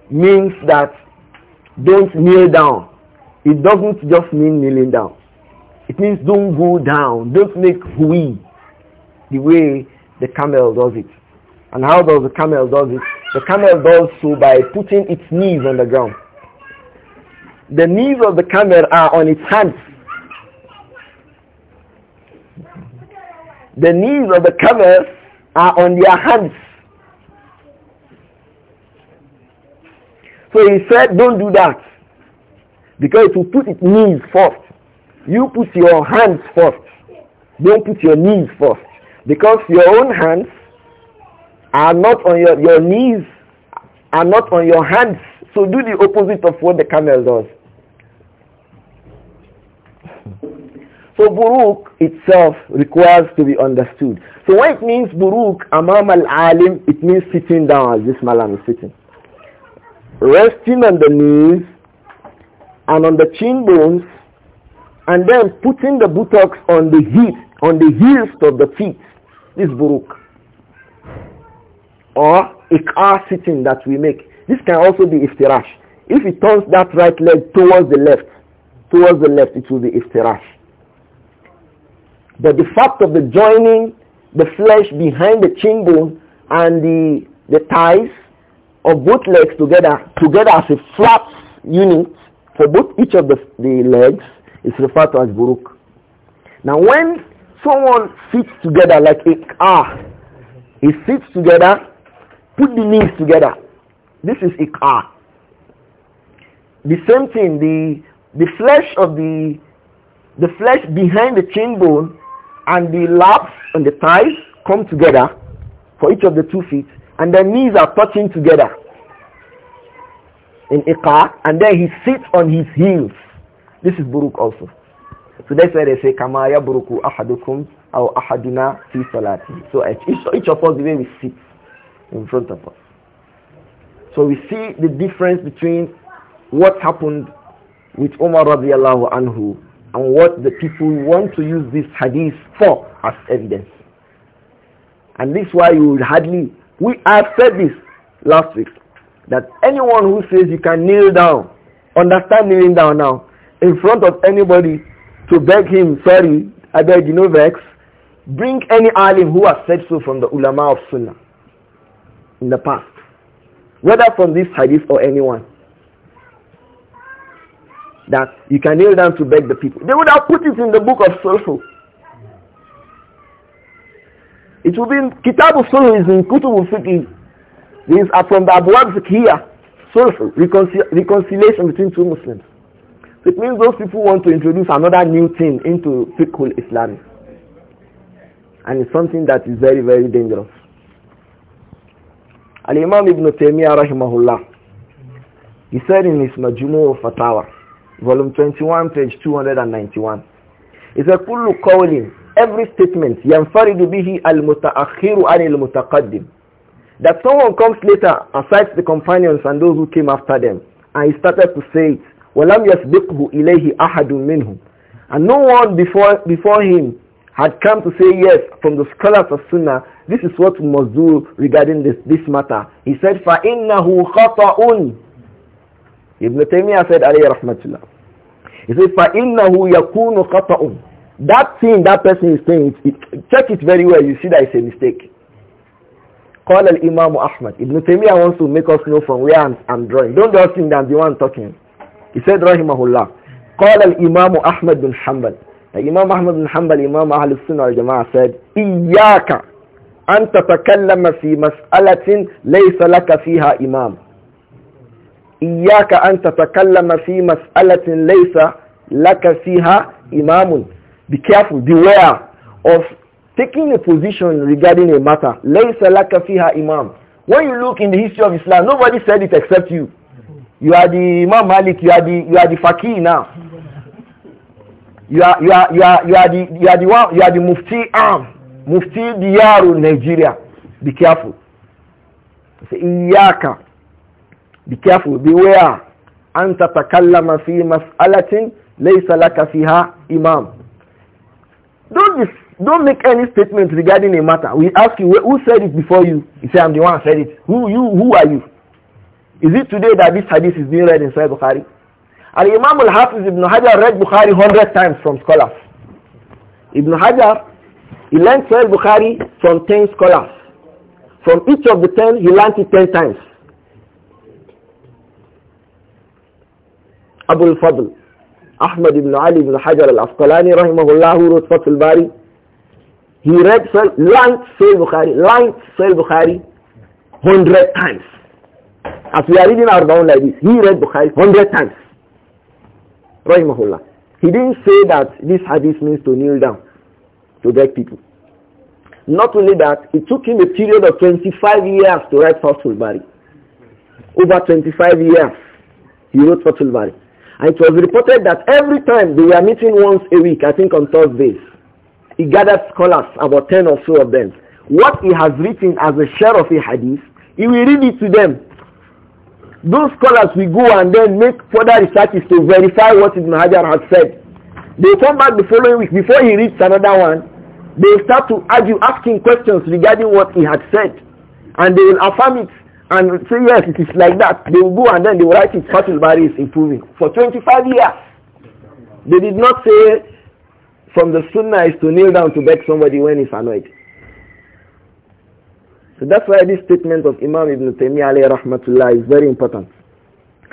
A: means that don't kneel down. It doesn't just mean kneeling down. It means don't go down. Don't make hui the way the camel does it. And how does the camel does it? The camel does so by putting its knees on the ground. The knees of the camel are on its hands. The knees of the camel are on their hands. So he said, don't do that. Because it will put its knees first. You put your hands first. Don't put your knees first. Because your own hands are not on your, your knees are not on your hands. So do the opposite of what the camel does. So buruk itself requires to be understood. So when it means buruk amam al-alim, it means sitting down as this malam is sitting. Resting on the knees and on the chin bones and then putting the buttocks on the heat, on the heels of the feet. This buruk. Or car sitting that we make. This can also be iftirash. If it turns that right leg towards the left, towards the left, it will be iftirash. But the fact of the joining the flesh behind the chin bone and the, the ties of both legs together, together as a flat unit for both each of the, the legs, it's referred to as buruk. Now when someone sits together like a car, he sits together, put the knees together. This is a car. The same thing, the the flesh of the the flesh behind the chin bone and the laps and the thighs come together for each of the two feet and the knees are touching together in a car and then he sits on his heels this is buruk also. So that's why they say kama yabruku ahadukum aw ahaduna fi salati. So each, each of us the way we sit in front of us. So we see the difference between what happened with Umar radiallahu anhu and what the people want to use this hadith for as evidence. And this is why you would hardly, we have said this last week, that anyone who says you can kneel down, understand kneeling down now, in front of anybody to beg him, sorry, I beg you no vex, bring any alim who has said so from the ulama of sunnah in the past, whether from this hadith or anyone, that you can kneel down to beg the people. They would have put it in the book of Sulhu. It will be in Kitab of Sulhu is in Kutub al-Fiqh. These are from the Abu Abzik here. Sulhu, reconcil reconciliation between two Muslims. It means those people want to introduce another new thing into fiqhul Islam. And it's something that is very, very dangerous. Al-Imam Ibn Taymiyyah rahimahullah, he said in his Majmu' Fatawa, volume 21, page 291, he said, كل قول every statement ينفرد به المتأخر عن المتقدم that someone comes later aside the companions and those who came after them and he started to say it وَلَمْ يَسْبِقْهُ إِلَيْهِ أَحَدٌ مِّنْهُمْ And no one before, before him had come to say yes from the scholars of Sunnah, this is what we must do regarding this, this matter. He said, فَإِنَّهُ خَطَأٌ Ibn Taymiyyah said, alayhi rahmatullah. He said, فَإِنَّهُ يَكُونُ خَطَأٌ That thing that person is saying, it, it, check it very well, you see that it's a mistake. قال الإمام أحمد Ibn Taymiyyah wants to make us know from where I'm, I'm drawing. Don't just think that I'm the one talking. He said, Rahimahullah, قال الإمام أحمد بن حنبل الإمام أحمد بن حنبل إمام أهل السنة والجماعة said إياك أن تتكلم في مسألة ليس لك فيها إمام إياك أن تتكلم في مسألة ليس لك فيها إمام Be careful, beware of taking a position regarding a matter ليس لك فيها إمام When you look in the history of Islam, nobody said it except you You are the Imam Malik, you are the you are the Fakir now. You are you are you are you are the you are the one you are the Mufti Am, Mufti Diyaru Nigeria. Be careful. Say Iyaka. Be careful, beware. Anta تتكلم في مسألة ليس لك فيها imam. do Don't don't make any statement regarding a matter. We ask you who said it before you. You say I'm the one who said it. Who you who are you? Is it today that this hadith is being read in Sahih Bukhari? And Imam al-Hafiz ibn Hajar read Bukhari 100 times from scholars. Ibn Hajar, he learned Sahih Bukhari from 10 scholars. From each of the 10, he learned it 10 times. Abu al-Fadl, Ahmad ibn Ali ibn Hajar al-Asqalani, rahimahullah, who wrote Fatul bari He read, learned Sahih Bukhari, learned Sahih Bukhari 100 times. As we are reading our Arbaun like this, he read Bukhari 100 times. Rahimahullah. He didn't say that this hadith means to kneel down to beg people. Not only that, it took him a period of 25 years to write Fathul Bari. Over 25 years, he wrote Fathul Bari. And it was reported that every time they were meeting once a week, I think on Thursdays, he gathered scholars, about 10 or so of them. What he has written as a share of a hadith, he will read it to them those scholars will go and then make further researches to verify what Ibn Hajar has said. They come back the following week before he reads another one. They start to argue, asking questions regarding what he had said. And they will affirm it and say, yes, it is like that. They will go and then they will write it, Fatul Bari is improving. For 25 years. They did not say from the sunnah is to kneel down to beg somebody when he's annoyed. So that's why this statement of Imam Ibn Taymiyyah alayhi rahmatullah is very important.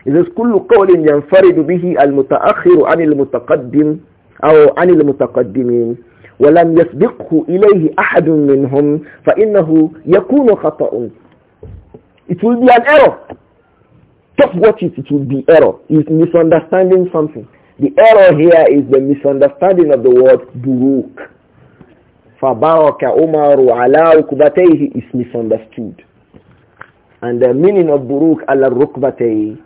A: It says, كل قول ينفرد به المتأخر عن المتقدم أو عن المتقدمين ولم يسبقه إليه أحد منهم فإنه يكون خطأ. It will be an error. Just watch it, it will be error. It's misunderstanding something. The error here is the misunderstanding of the word buruk. فَبَارَكَ عُمَرُ عَلَىٰ رُكْبَتَيْهِ is misunderstood. And the meaning of buruk ala rukbatay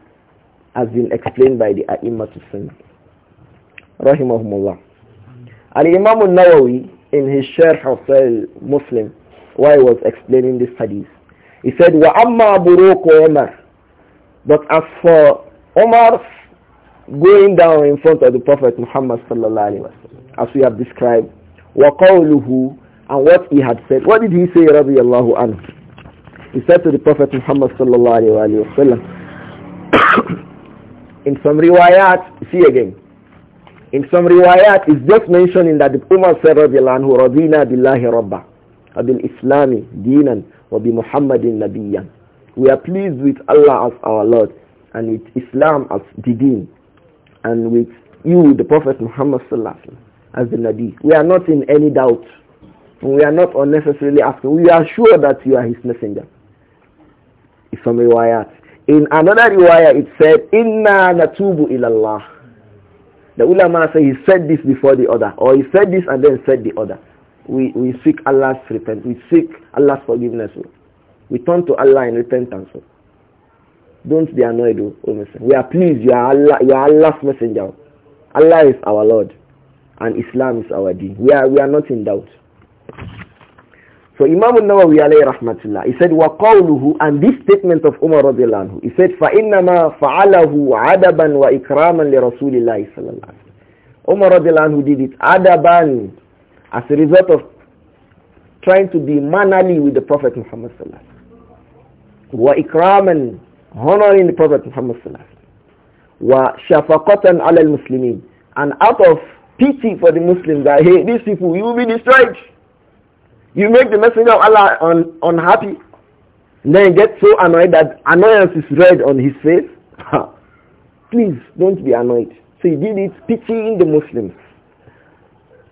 A: has been explained by the A'immat to sunnah Rahimahumullah. Al-Imam al-Nawawi in his Sharh of Muslim while he was explaining this hadith, he said, Wa Amma Buruk عُمَرُ But as for Omar going down in front of the Prophet Muhammad sallallahu alaihi wasallam, as we have described, وقوله and what he had said. What did he say, رضي الله عنه? He said to the Prophet Muhammad صلى الله عليه وسلم, in some riwayat, see again, in some riwayat, it's just mentioning that the Umar said, رضي الله عنه, رضينا بالله ربا وبالإسلام دينا وبمحمد نبيا. We are pleased with Allah as our Lord and with Islam as the deen and with you, the Prophet Muhammad sallallahu alaihi wasallam as the Nabi. We are not in any doubt. We are not unnecessarily asking. We are sure that you are his messenger. It's from riwayat. In another riwayah it said, Inna natubu ilallah. The ulama say he said this before the other, or he said this and then said the other. We, we seek Allah's repentance. We seek Allah's forgiveness. We turn to Allah in repentance. Don't be annoyed, O Messenger. We are pleased. You are, Allah, you are Allah's messenger. Allah is our Lord and Islam is our deen. We are, we are not in doubt. So Imam al-Nawawi alayhi rahmatullah, he said, وَقَوْلُهُ And this statement of Umar radiallahu he said, فَإِنَّمَا فَعَلَهُ عَدَبًا وَإِكْرَامًا لِرَسُولِ اللَّهِ صلى الله عليه وسلم. Umar radiallahu did it adaban as a result of trying to be mannerly with the Prophet Muhammad sallallahu alaihi wasallam. ikraman Honoring the Prophet Muhammad sallallahu alaihi wasallam. وَشَفَقَةً al الْمُسْلِمِينَ And out of pity for the Muslims that, hey, these people, you will be destroyed. You make the messenger of Allah un unhappy. Then get so annoyed that annoyance is red on his face. Please don't be annoyed. So he did it pitying the Muslims.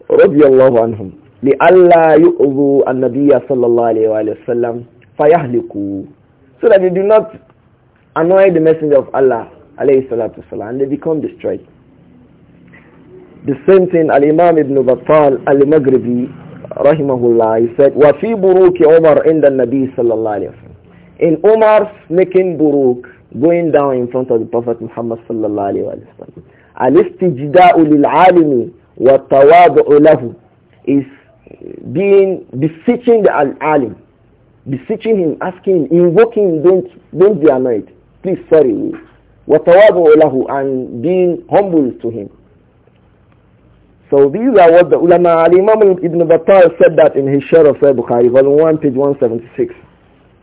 A: Radiallahu anhum. لِأَلَّا يُؤْذُوا النَّبِيَّ صَلَّى اللَّهُ عَلَيْهِ وَسَلَّمَ فَيَهْلِكُوا So that they do not annoy the messenger of Allah alayhi salatu wasalam, and they become destroyed. The same thing Al-Imam Ibn Battal Al-Maghribi rahimahullah he said وَفِي بُرُوكِ عُمَرْ عِنْدَ النَّبِي صلى الله عليه وسلم In Umar's making buruk, going down in front of the Prophet Muhammad صلى الله عليه وسلم الاستجداء للعالم والتواضع له is being beseeching the al-alim beseeching him asking invoking him don't don't be annoyed please sorry ta'wabu lahu and being humble to him so these are what the ulama, Imam Ibn Battal said that in his Sharh of Sahih Bukhari, volume 1, page 176.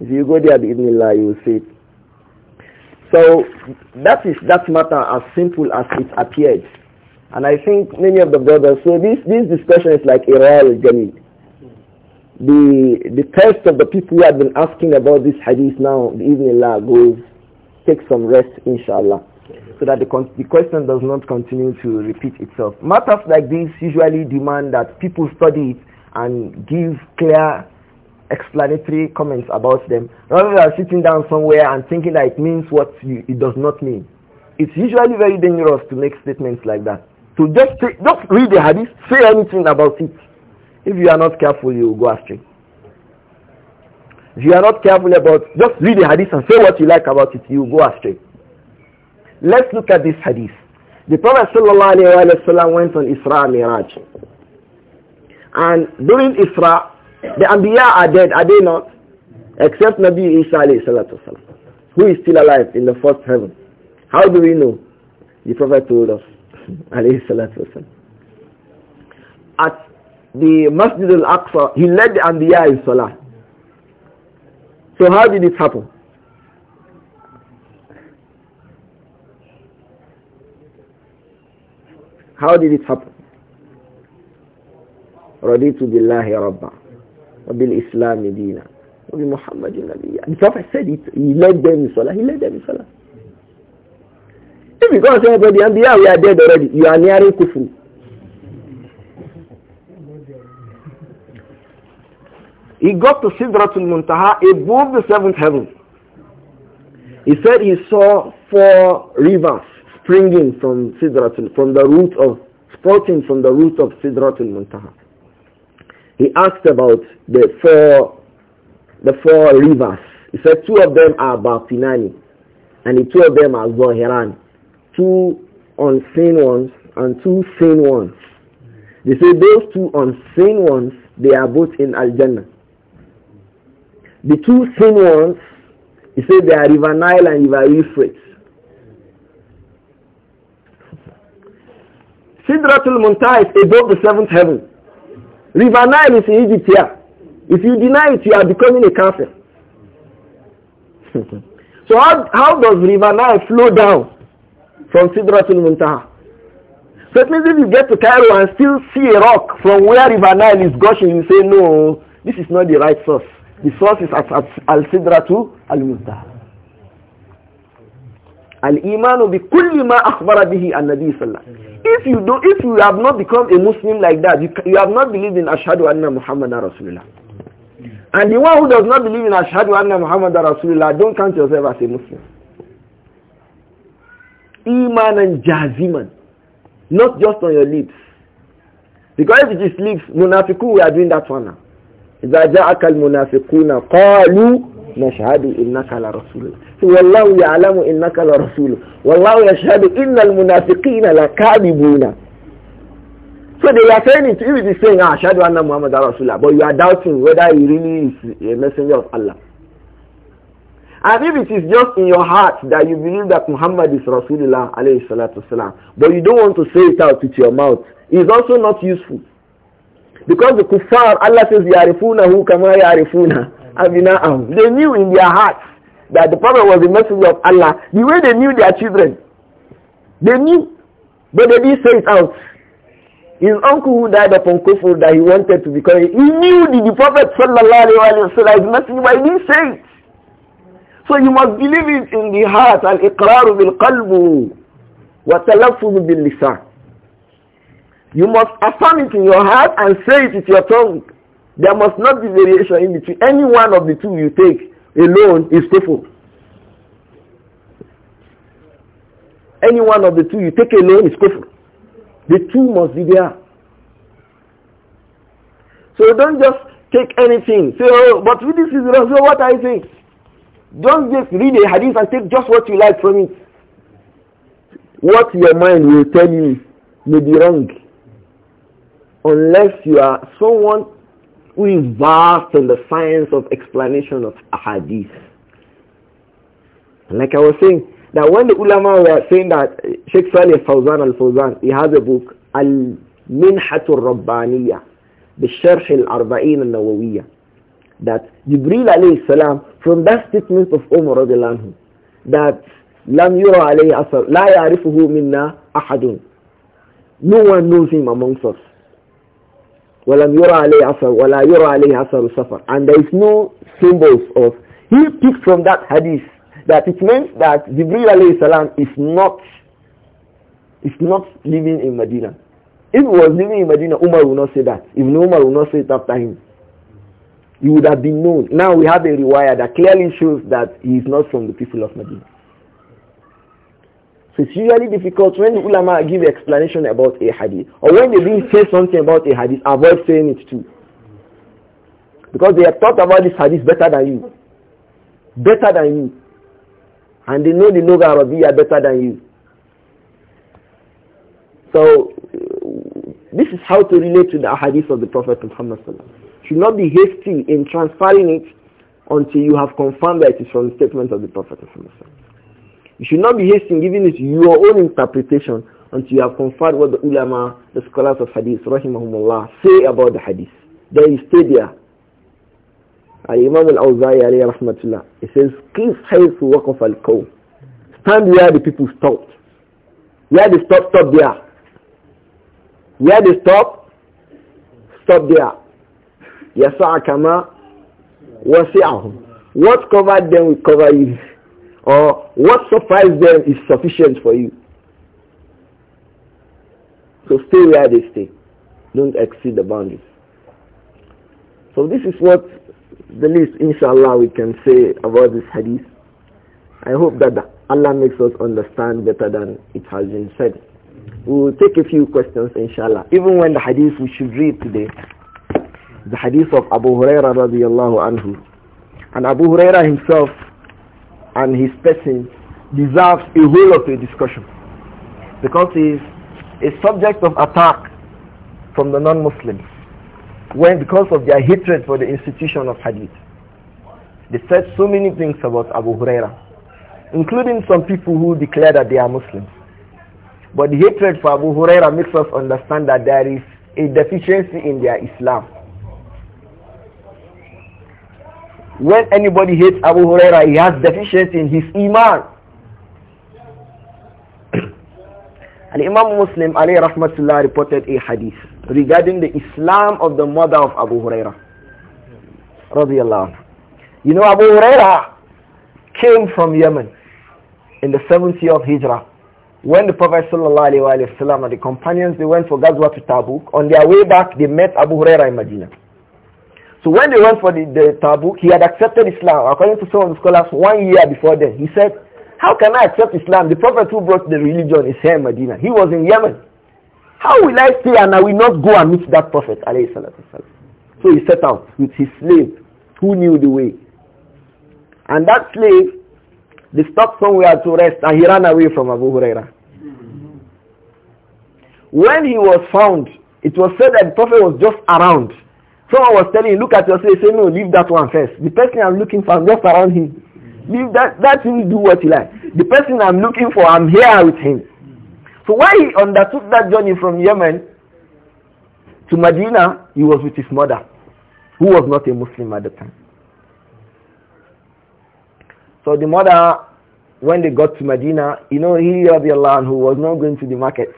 A: If you go there, bi'idhnillah, you will see it. So that is that matter as simple as it appeared. And I think many of the brothers, so this, this discussion is like Iral journey. The, the test of the people who have been asking about this hadith now, the evening law goes, take some rest, inshallah so that the, the question does not continue to repeat itself. Matters like this usually demand that people study it and give clear explanatory comments about them rather than sitting down somewhere and thinking that it means what you, it does not mean. It's usually very dangerous to make statements like that. So just, say, just read the hadith, say anything about it. If you are not careful, you will go astray. If you are not careful about, just read the hadith and say what you like about it, you will go astray. Let's look at this hadith. The Prophet ﷺ went on Isra Miraj. And during Isra, the Anbiya are dead, are they not? Except Nabi Isa والسلام, who is still alive in the first heaven. How do we know? The Prophet told us. At the Masjid al-Aqsa, he led the Anbiya in Salah. So how did it happen? How did it happen? رضيت بالله ربا وبالإسلام دينا وبمحمد النبي The Prophet said it. He led them in Salah. He led them in Salah. If you go and say, but the Anbiya, we are dead already. You are nearing kufu. He got to Sidratul Muntaha above the seventh heaven. He said he saw four rivers springing from Sidratul, from the root of, sprouting from the root of Sidratul Muntaha. He asked about the four, the four rivers. He said two of them are Bafinani and the two of them are Zahiran. Two unseen ones and two seen ones. They say those two unseen ones, they are both in Al-Jannah. The two seen ones, he said they are River Nile and River Euphrates. Sidratul Muntaha is above the seventh heaven. River Nile is in Egypt here. If you deny it, you are becoming a kafir. so how, how does River Nile flow down from Sidratul Muntaha? So it means if you get to Cairo and still see a rock from where River Nile is gushing, you say, no, this is not the right source. The source is at, Al-Sidratu Al-Muntaha. Al-Imanu bi kulli ma akhbara bihi an-Nabi sallallahu if you don't, if you have not become a Muslim like that, you, you have not believed in Ashhadu Anna Muhammad Rasulullah. And the one who does not believe in Ashhadu Anna Muhammad Rasulullah, don't count yourself as a Muslim. Iman and jaziman. Not just on your lips. Because if it is lips, munafiqun, we are doing that one now. إذا جاءك المنافقون قالوا نشهد إنك لرسول والله يعلم إنك لرسول والله يشهد إن المنافقين لكاذبون So they are saying it, if it is saying, ah, Shadu Anna Muhammad Rasulullah, but you are doubting whether he really is a messenger of Allah. And if it is just in your heart that you believe that Muhammad is Rasulullah alayhi salatu salam, but you don't want to say it out with your mouth, it is also not useful. Because the kuffar, Allah says, يَعْرِفُونَهُ كَمَا يَعْرِفُونَ um, they knew in their hearts that the Prophet was the messenger of Allah. The way they knew their children. They knew. But they didn't say it out. His uncle who died upon Kufur that he wanted to become, he knew the, the Prophet sallallahu alayhi wa sallam, his messenger, but he didn't say it. So you must believe it in the heart. Al-iqraru bil-qalbu wa talaffuzu bil-lisan. You must affirm it in your heart and say it with your tongue. There must not be variation in between. Any one of the two you take alone is kufr. Any one of the two you take alone is kufr. The two must be there. So don't just take anything. Say, oh, but this is wrong. So what I say? Don't just read a hadith and take just what you like from it. What your mind will tell you may be wrong. Unless you are someone who is vast in the science of explanation of hadith. Like I was saying, that when the ulama were saying that uh, Sheikh Salih Fawzan al-Fawzan, he has a book, Al-Minhatul Rabbaniyah, Bisharh al-Arba'in al-Nawawiyah, that Jibril alayhi salam, from that statement of Umar radiallahu that Lam yura alayhi أثر لا يعرفه منا أحد no one knows him amongst us وَلَمْ يُرَى عَلَيْهِ أَثَرُ وَلَا يُرَى عَلَيْهِ أَثَرُ And there is no symbols of, he picked from that hadith that it means that Jibril alayhi salam is not, is not living in Medina. If he was living in Medina, Umar would not say that. Even Umar would not say it after him. He would have been known. Now we have a rewire that clearly shows that he is not from the people of Medina it's usually difficult when the ulama give explanation about a hadith or when they didn't say something about a hadith, avoid saying it too. Because they have thought about this hadith better than you. Better than you. And they know the Noga Arabiya better than you. So this is how to relate to the hadith of the Prophet Muhammad Should not be hasty in transferring it until you have confirmed that it is from the statement of the Prophet Muhammad you should not be hasting giving it your own interpretation until you have confirmed what the ulama, the scholars of hadith, rahimahumullah, say about the hadith. Then you stay there. Al-Imam al-Awza'i alayhi rahmatullah, he says, Qif haythu waqaf al Stand where the people stopped. Where they stop, stop there. Where they stop, stop there. Yasa'a kama wasi'ahum. What covered them will cover you. Or what suffices them is sufficient for you. So stay where they stay. Don't exceed the boundaries. So this is what the least, inshallah, we can say about this hadith. I hope that Allah makes us understand better than it has been said. We will take a few questions, inshallah. Even when the hadith we should read today, the hadith of Abu Huraira radiallahu anhu. And Abu Huraira himself and his person deserves a whole of a discussion because he is a subject of attack from the non-Muslims when because of their hatred for the institution of hadith. They said so many things about Abu Huraira, including some people who declare that they are Muslims. But the hatred for Abu Huraira makes us understand that there is a deficiency in their Islam. when anybody hates Abu Huraira, he has deficiency in his iman. and Imam Muslim, alayhi rahmatullah, reported a hadith regarding the Islam of the mother of Abu Huraira. Radiallahu You know, Abu Huraira came from Yemen in the seventh year of Hijrah. When the Prophet sallallahu alayhi wasallam and the companions, they went for gaza to Tabuk. On their way back, they met Abu Huraira in Medina. So when they went for the, the taboo, he had accepted Islam. According to some of the scholars, one year before then, he said, how can I accept Islam? The prophet who brought the religion is here in Medina. He was in Yemen. How will I stay and I will not go and meet that prophet? So he set out with his slave who knew the way. And that slave, they stopped somewhere to rest and he ran away from Abu Huraira. When he was found, it was said that the prophet was just around Someone was telling you, look at yourself, say, no, leave that one first. The person I'm looking for, I'm just around him. Leave that, that him do what he like. The person I'm looking for, I'm here with him. So when he undertook that journey from Yemen to Medina, he was with his mother, who was not a Muslim at the time. So the mother, when they got to Medina, you know, he, radiallahu who was not going to the market.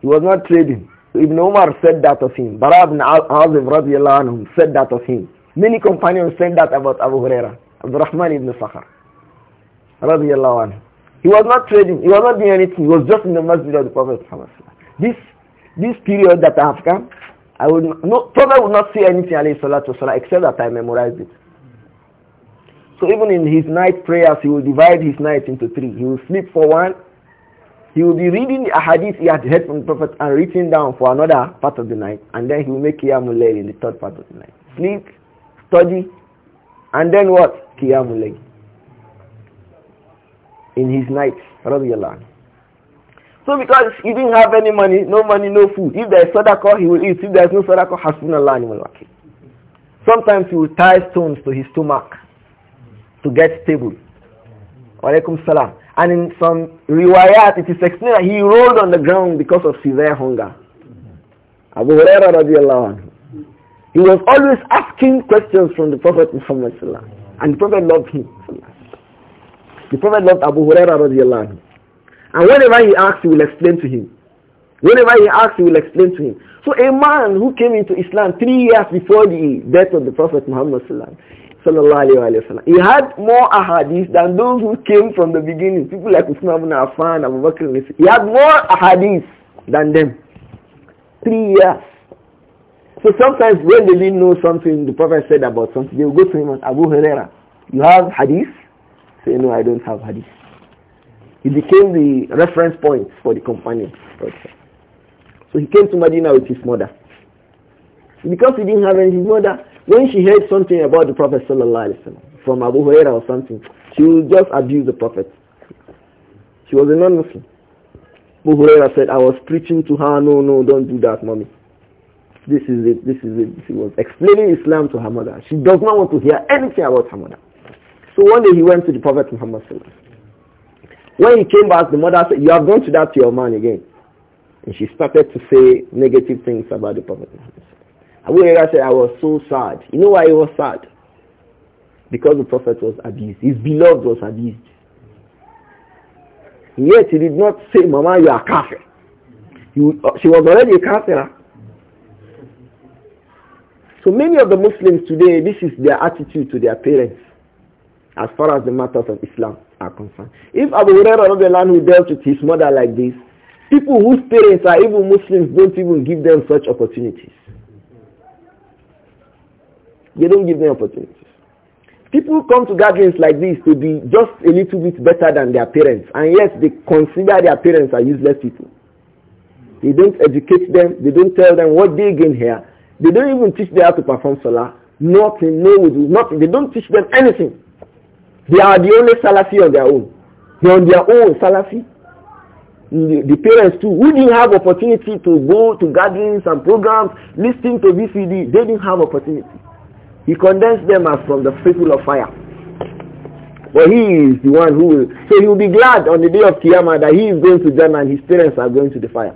A: He was not trading. Ibn Umar said that of him. Bara ibn Azib radiallahu anhum said that of him. Many companions said that about Abu Huraira. Rahman ibn Sakhar radiallahu anhu. He was not trading. He was not doing anything. He was just in the masjid of the Prophet This, this period that I have come, I would not, no, Prophet would not say anything والسلام, except that I memorized it. So even in his night prayers, he will divide his night into three. He will sleep for one, he will be reading the hadith he had heard from the Prophet and written down for another part of the night. And then he will make Qiyamul Layl in the third part of the night. Sleep, study, and then what? Qiyamul Layl. In his night, radiallahu so because he didn't have any money, no money, no food. If there is sadaqah, he will eat. If there is no sadaqah, hasbunallah will wakil. Sometimes he will tie stones to his stomach to get stable. Alaykum salam. And in some riwayat, it is explained that he rolled on the ground because of severe hunger. Abu Huraira radiallahu anhu. He was always asking questions from the Prophet Muhammad sallallahu And the Prophet loved him. The Prophet loved Abu Huraira radiallahu anhu. And whenever he asks, he will explain to him. Whenever he asks, he will explain to him. So a man who came into Islam three years before the death of the Prophet Muhammad sallallahu Sallallahu He had more ahadith than those who came from the beginning. People like Usman ibn Affan, Abu Bakr, he had more ahadith than them. Three years. So sometimes when they didn't know something the Prophet said about something, they would go to him and Abu Huraira, you have hadith? Say, no, I don't have hadith. He became the reference point for the companions. So he came to Medina with his mother. Because he didn't have any, his mother when she heard something about the Prophet from Abu Huraira or something, she would just abuse the Prophet. She was a non-Muslim. Abu Huraira said, I was preaching to her, no, no, don't do that, mommy. This is it, this is it. She was explaining Islam to her mother. She does not want to hear anything about her mother. So one day he went to the Prophet Muhammad When he came back, the mother said, you have gone to that to your man again. And she started to say negative things about the Prophet Muhammad Abu said, I was so sad. You know why he was sad? Because the Prophet was abused. His beloved was abused. Yet he did not say, Mama, you are kafir. You, uh, she was already a kafirah. So many of the Muslims today, this is their attitude to their parents as far as the matters of Islam are concerned. If Abu Hurairah who dealt with his mother like this, people whose parents are even Muslims don't even give them such opportunities. They don't give them opportunities. People come to gatherings like this to be just a little bit better than their parents, and yet they consider their parents are useless people. They don't educate them. They don't tell them what they gain here. They don't even teach them how to perform salah. Nothing, no nothing. They don't teach them anything. They are the only Salafi on their own. They are on their own Salafi. The, the parents too, who didn't have opportunity to go to gatherings and programs, listening to VCD, they didn't have opportunity. He condemns them as from the people of fire. But he is the one who will. So he will be glad on the day of Qiyamah that he is going to Jannah and his parents are going to the fire.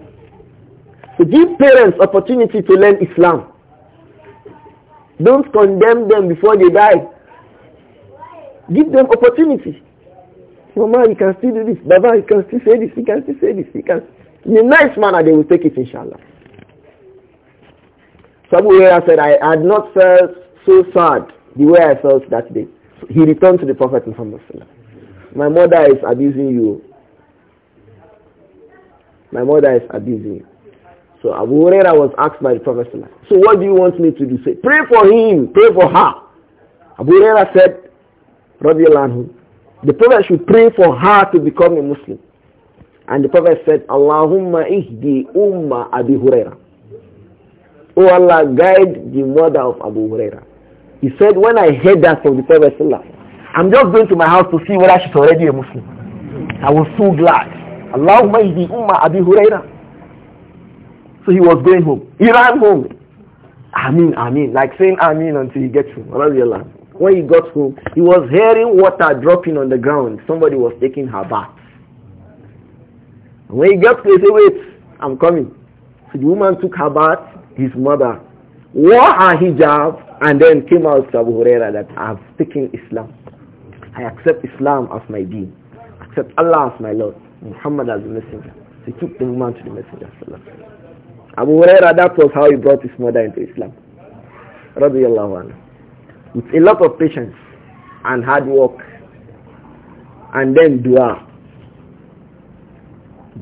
A: So give parents opportunity to learn Islam. Don't condemn them before they die. Give them opportunity. Mama, you can still do this. Baba, you can still say this. You can still say this. You can. In a nice manner, they will take it, inshallah. Sabu Hurairah said, I had not felt so sad the way I felt that day. So he returned to the Prophet Muhammad. My mother is abusing you. My mother is abusing you. So Abu Huraira was asked by the Prophet. So what do you want me to do? Say, pray for him, pray for her. Abu Huraira said, anhu, the Prophet should pray for her to become a Muslim. And the Prophet said, Allahumma ihdi umma Abu Huraira. Oh Allah, guide the mother of Abu Huraira. He said, when I heard that from the Prophet I'm just going to my house to see whether she's already a Muslim. I was so glad. Allahumma ihdi umma Abi Huraira. So he was going home. He ran home. Ameen, Ameen. Like saying Ameen until he gets home. When he got home, he was hearing water dropping on the ground. Somebody was taking her bath. When he got there, he said, wait, I'm coming. So the woman took her bath, his mother, wore her hijab, and then came out to Abu Huraira that I have taken Islam. I accept Islam as my deen. Accept Allah as my Lord. Muhammad as the messenger. So he took the woman to the messenger. Abu Huraira, that was how he brought his mother into Islam. Radiallahu anhu. With a lot of patience and hard work. And then dua.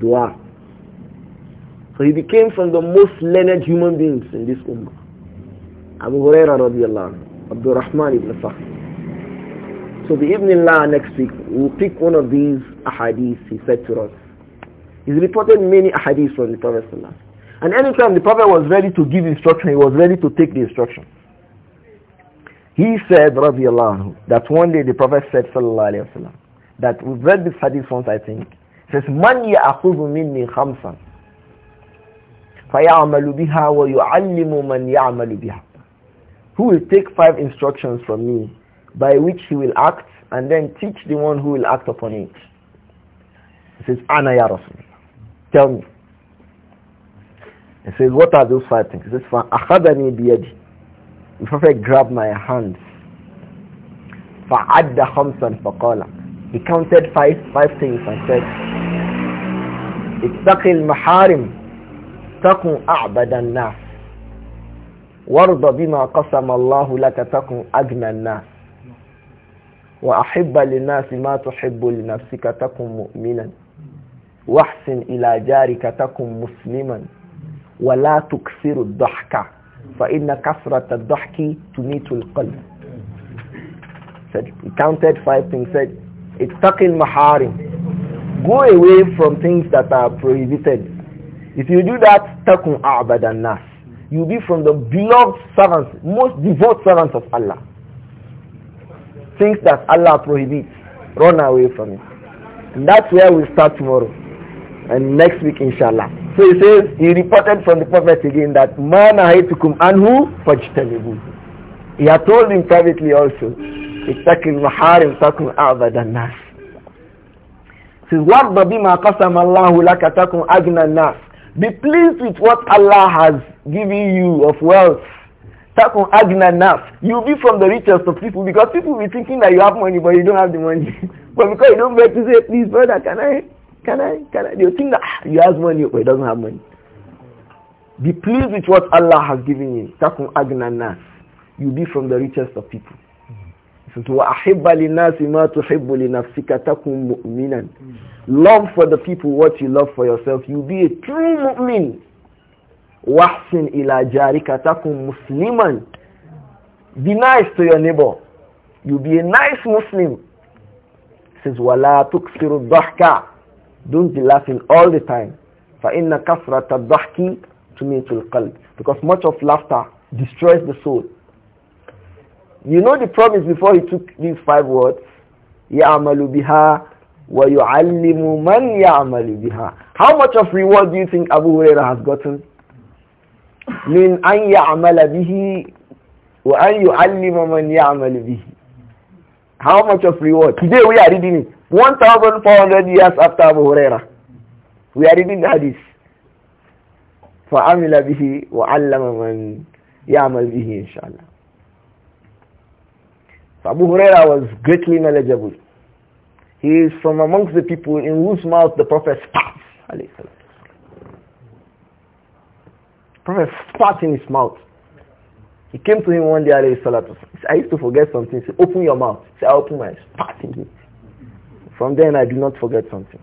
A: Dua. So he became from the most learned human beings in this ummah. Abu Huraira radiallahu anhu, Abdul Rahman ibn Sakh. So the Ibn Allah next week will pick one of these ahadith he said to us. He's reported many ahadith from the Prophet sallallahu and anytime the Prophet was ready to give instruction, he was ready to take the instruction. He said, radiallahu that one day the Prophet said, sallallahu alayhi wasallam, that we've read this hadith once, I think. It says, man ya'akhudhu minni khamsan, faya'amalu biha wa yu'allimu man ya'amalu biha who will take five instructions from me by which he will act and then teach the one who will act upon it. He says, Ana ya Tell me. He says, what are those five things? He says, فَأَخَذَنِي biyadi." The Prophet grabbed my hands. فَعَدَّ خَمْسًا فَقَالَ He counted five, five things and said, اتَّقِ maharim. تَقُنْ أَعْبَدَ النَّاسِ وارض بما قسم الله لك تكن أغنى الناس وأحب للناس ما تحب لنفسك تكن مؤمنا واحسن إلى جارك تكن مسلما ولا تكثر الضحك فإن كثرة الضحك تميت القلب said he counted five things said اتق المحارم go away from things that are prohibited if you do that تكن أعبد الناس you'll be from the beloved servants, most devout servants of Allah. Things that Allah prohibits, run away from it. And that's where we start tomorrow. And next week, inshallah. So he says, he reported from the Prophet again that, Man ahaytukum anhu fajtanibu. He had told him privately also, اتقل maharim تكن أعبد nas. He says, وَرْضَ بِمَا قَسَمَ اللَّهُ لَكَ تَكُنْ أَجْنَى النَّاسِ be pleased with what Allah has given you of wealth. Takun agna naf. You'll be from the richest of people because people will be thinking that you have money but you don't have the money. but because you don't beg to say, please brother, can I, can I, can I? They'll think that ah, you have money but he doesn't have money. Be pleased with what Allah has given you. Takun agna naf. You'll be from the richest of people. وأحب للناس ما تحب لنفسك تكن مؤمنا Love for the people what you love for yourself. You will be a true mu'min. Wahsin ila جَارِكَ تَكُنْ Musliman. Be nice to your neighbor. You will be a nice Muslim. says, wala تكسر تُكْسِرُ الضَّحْكَ Don't be laughing all the time. inna kasrata الضَّحْكِ تُمِيتُ الْقَلْبِ Because much of laughter destroys the soul. You know the promise before he took these five words? يَعْمَلُ بِهَا وَيُعَلِّمُ مَنْ يَعْمَلُ بِهَا How much of reward do you think Abu Huraira has gotten? مِنْ أَنْ يَعْمَلَ بِهِ وَأَنْ يُعَلِّمَ مَنْ يَعْمَلُ بِهِ How much of reward? Today we are reading it. 1,400 years after Abu Huraira. We are reading the hadith. فَعَمِلَ بِهِ وَعَلَّمَ مَنْ يَعْمَلْ بِهِ inshallah. So Abu Huraira was greatly knowledgeable. He is from amongst the people in whose mouth the Prophet spat. Prophet spat in his mouth. He came to him one day, alayhi salatu I used to forget something. He said, open your mouth. He said, I open my spat in him. From then I do not forget something.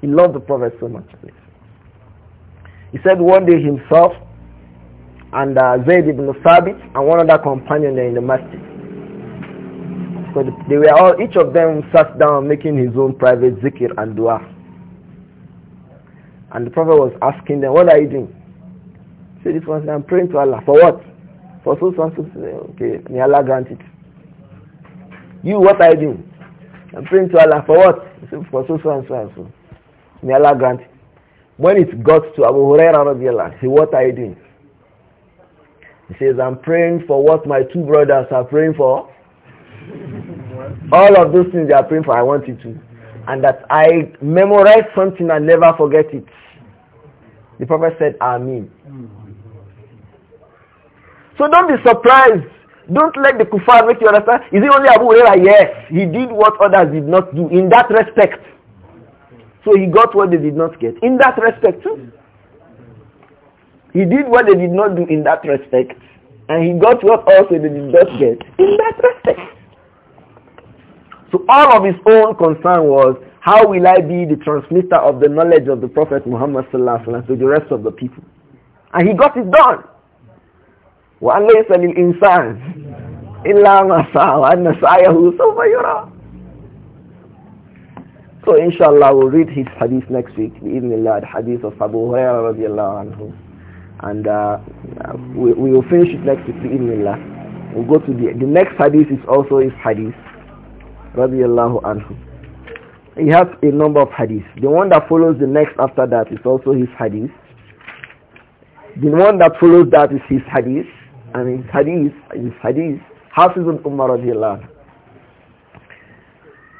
A: He loved the Prophet so much. He said one day himself and uh, Zayd ibn Thabit and one other companion there in the masjid. So they were all, each of them sat down making his own private zikr and dua. And the Prophet was asking them, what are you doing? Say this one said, I'm praying to Allah. For what? For so so so. Okay, may Allah grant it. You, what are you doing? I'm praying to Allah. For what? Said, for so so and so and so. May Allah grant it. When it got to Abu Hurairah, he what are you doing? He says, I'm praying for what my two brothers are praying for. All of those things they are praying for, I want it to. And that I memorize something and never forget it. The Prophet said, amen So don't be surprised. Don't let the kuffar make you understand. Is it only Abu Huraira? Yes. He did what others did not do in that respect. So he got what they did not get. In that respect too. He did what they did not do in that respect. And he got what also they did not get in that respect. So all of his own concern was, how will I be the transmitter of the knowledge of the Prophet Muhammad sallallahu to the rest of the people? And he got it done. وَأَنْ لَيْسَ لِلْإِنسَانِ إِلَّا مَا سَعَى وَأَنَّ سَعْيَهُ سَوْفَ يُرَى So inshallah we'll read his hadith next week. Bismillah, the hadith of Abu Hurairah رضي الله عنه, And uh, we, we will finish it next week. Bismillah. We'll go to the, the next hadith is also his hadith radiallahu anhu. He has a number of hadiths. The one that follows the next after that is also his hadith. The one that follows that is his hadith. And his hadith, his hadith, Hafiz al-Ummah radiallahu anhu.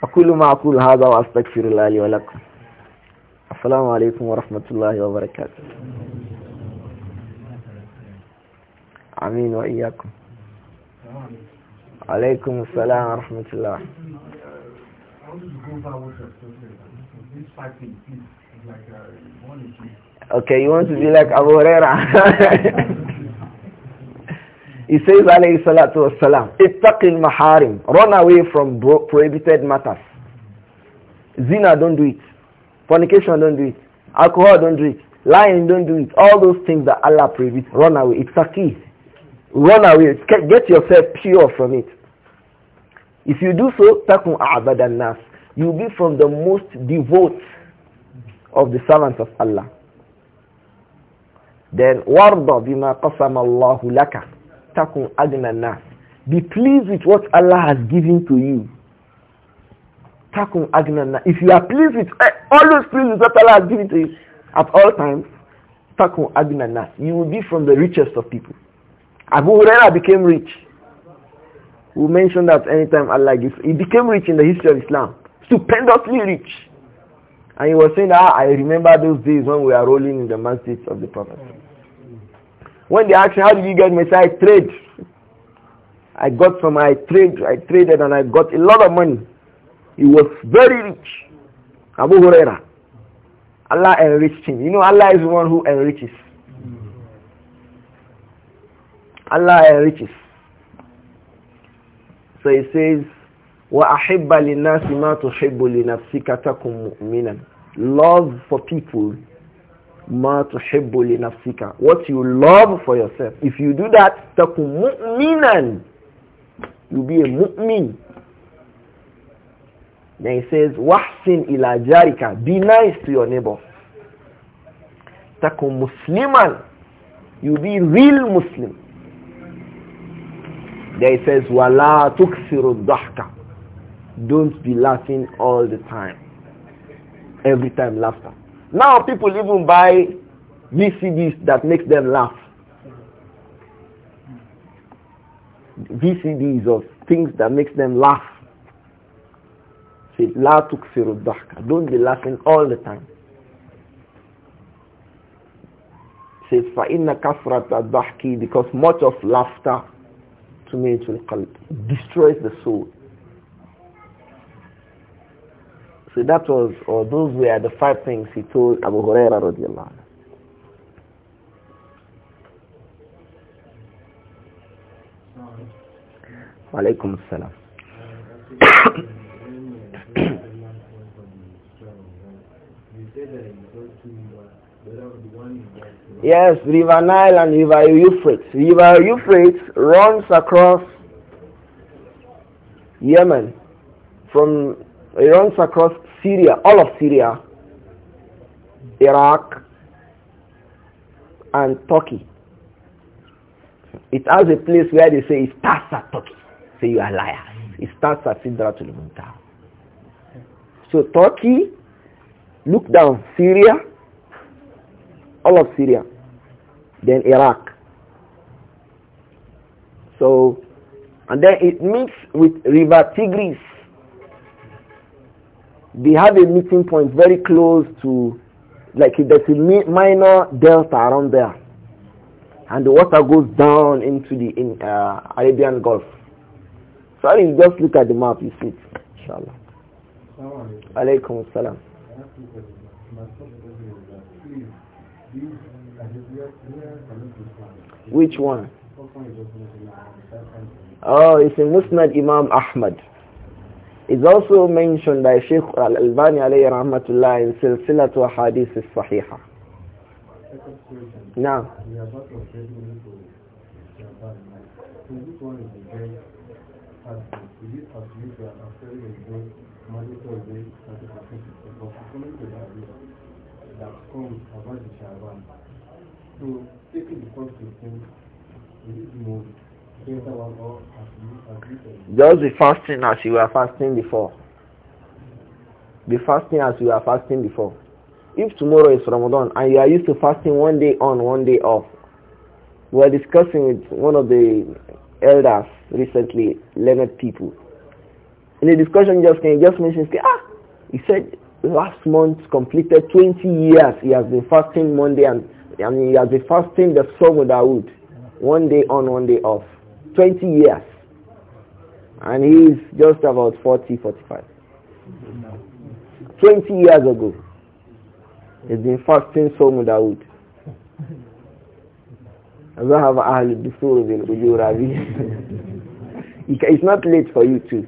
A: أقول ما أقول هذا وأستغفر الله لي ولكم السلام عليكم ورحمة الله وبركاته آمين وإياكم عليكم السلام ورحمة الله Okay, you want to be like Abu Huraira. he says, alayhi salatu wasalam, Ittaqil maharim. Run away from prohibited matters. Zina, don't do it. Fornication, don't do it. Alcohol, don't do it. Lying, don't do it. All those things that Allah prohibits, run away. It's a key. Run away. Get yourself pure from it. If you do so, takun a'badan nas you'll be from the most devout of the servants of Allah. Then warda bima qasama Allahu laka takun agna nas. Be pleased with what Allah has given to you. Takun agna nas. If you are pleased with eh, always pleased with what Allah has given to you at all times, takun agna nas. You will be from the richest of people. Abu Huraira became rich. We mentioned that anytime Allah gives. He became rich in the history of Islam stupendously rich. And he was saying, ah, I remember those days when we were rolling in the masjid of the Prophet. When they asked him, how did you get Messiah? I trade. I got from my trade, I traded and I got a lot of money. He was very rich. Abu Huraira. Allah enriched him. You know, Allah is the one who enriches. Allah enriches. So he says, wa ahibba linasi ma tuhibbu linafsika takum mu'mina love for people ma tuhibbu linafsika what you love for yourself if you do that takum mu'minan you be a mu'min Then he says wahsin ila jarika be nice to your neighbor takum musliman you be real muslim Then he says wala tukthiru dhahka don't be laughing all the time. Every time laughter. Now people even buy VCDs that makes them laugh. VCDs of things that makes them laugh. Say, La Don't be laughing all the time. Says, فَإِنَّ كَثْرَةَ الضَّحْكِ Because much of laughter to me destroys the soul. So that was, or those were the five things he told Abu Huraira radiallahu anhu. Yes, River Nile and River Euphrates. River Euphrates runs across Yemen from it runs across Syria, all of Syria, Iraq, and Turkey. It has a place where they say it starts at Turkey. Say so you are liars. It starts at Sidratul Muntaha. So Turkey, look down, Syria, all of Syria, then Iraq. So, and then it meets with River Tigris they have a meeting point very close to, like there's a minor delta around there. And the water goes down into the in, uh, Arabian Gulf. So you just look at the map, you see it. Inshallah. Alaikum salam. Which one? Oh, it's in Musnad Imam Ahmad. is also mentioned by Sheikh Al-Albani alayhi rahmatullah in Silsila Silsilatu Hadith Sahiha. Now, that comes about the Just be fasting as you were fasting before. Be fasting as you were fasting before. If tomorrow is Ramadan and you are used to fasting one day on, one day off, we were discussing with one of the elders recently, learned people. In the discussion just came, just mentioned, ah, he said last month completed 20 years he has been fasting Monday and and he has been fasting the Somo Dawood, one day on, one day off. 20 years. And he's just about 40, 45. 20 years ago. He's been fasting so Dawood. ذهب أهل you, Ravi. It's not late for you too.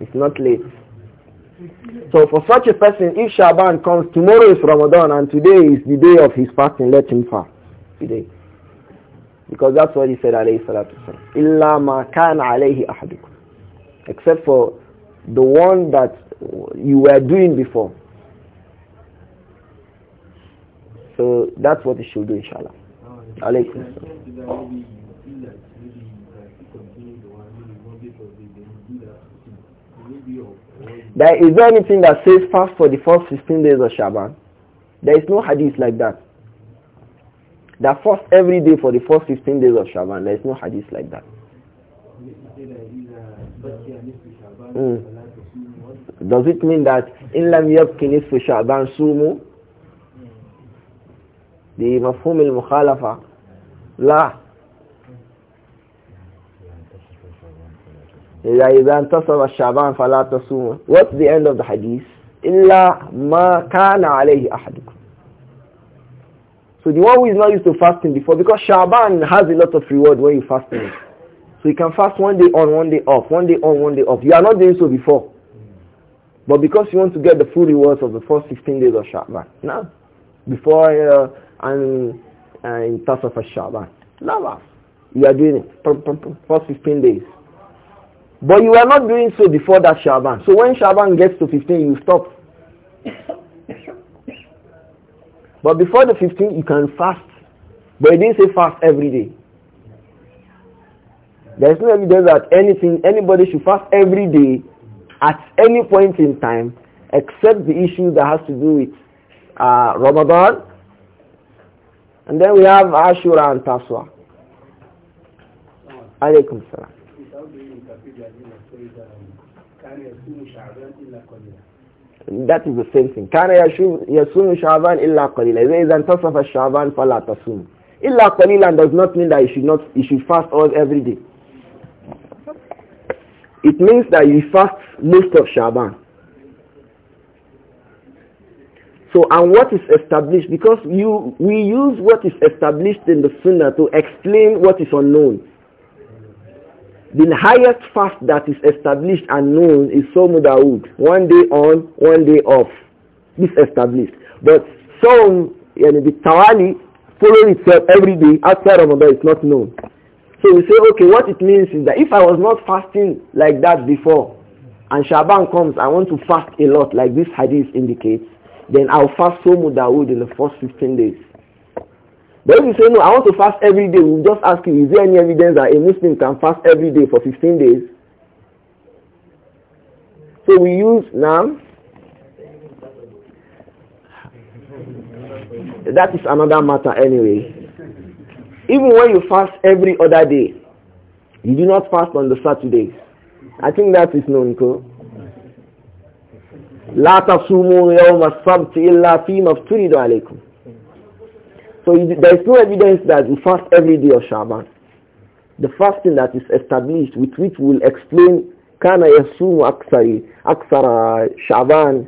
A: It's not late. So for such a person, if Shaban comes, tomorrow is Ramadan and today is the day of his fasting, let him fast today. Because that's what he said alayhi salatu Illa ma kana alayhi ahadukum. Except for the one that you were doing before. So that's what you should do inshallah. Oh, yes. There is there anything that says fast for the first 15 days of Shaban. There is no hadith like that. That fast every day for the first 15 days of Shaban. There is no hadith like that. Mm. Does it mean that in lam yabkin nisfu Shaban sumu? The mafhum al-mukhalafa. La. إذا انتصر الشعبان فلا تصوم What's the end of the hadith? إلا ما كان عليه أحدكم so the one who is not used to fasting before, because Shaban has a lot of reward when you fast. So you can fast one day on, one day off, one day on, one day off. You are not doing so before. But because you want to get the full rewards of the first 16 days of Shaban. Now, before uh, and, uh, in Shaban. Now, ah, you are doing it. First 15 days. But you are not doing so before that Shaban. So when Shaban gets to 15, you stop. But before the 15th, you can fast. But it didn't say fast every day. There is no evidence that anything, anybody should fast every day at any point in time except the issue that has to do with uh, Ramadan. And then we have Ashura and Taswa. Alaykum salam. That is the same thing. كان يصوم شعبان إلا قليلا. إذا انتصف الشعبان فلا تصوم. إلا قليلا does not mean that you should not you should fast all every day. It means that you fast most of Shaban. So and what is established because you we use what is established in the Sunnah to explain what is unknown. The highest fast that is established and known is Somu One day on, one day off. is established. But some, yani the Tawali, follow itself every day outside Ramadan is not known. So we say, okay, what it means is that if I was not fasting like that before, and Shaban comes, I want to fast a lot, like this hadith indicates, then I'll fast Somu in the first 15 days. But if you say, no, I want to fast every day, we'll just ask you, is there any evidence that a Muslim can fast every day for 15 days? So we use now. That is another matter anyway. Even when you fast every other day, you do not fast on the Saturdays. I think that is known, Ko. لا تصوموا يوم السبت إلا عليكم so there is no evidence that we fast every day of Shaban. The fasting that is established with which we'll explain kana yasumu aksari, aksara Shaban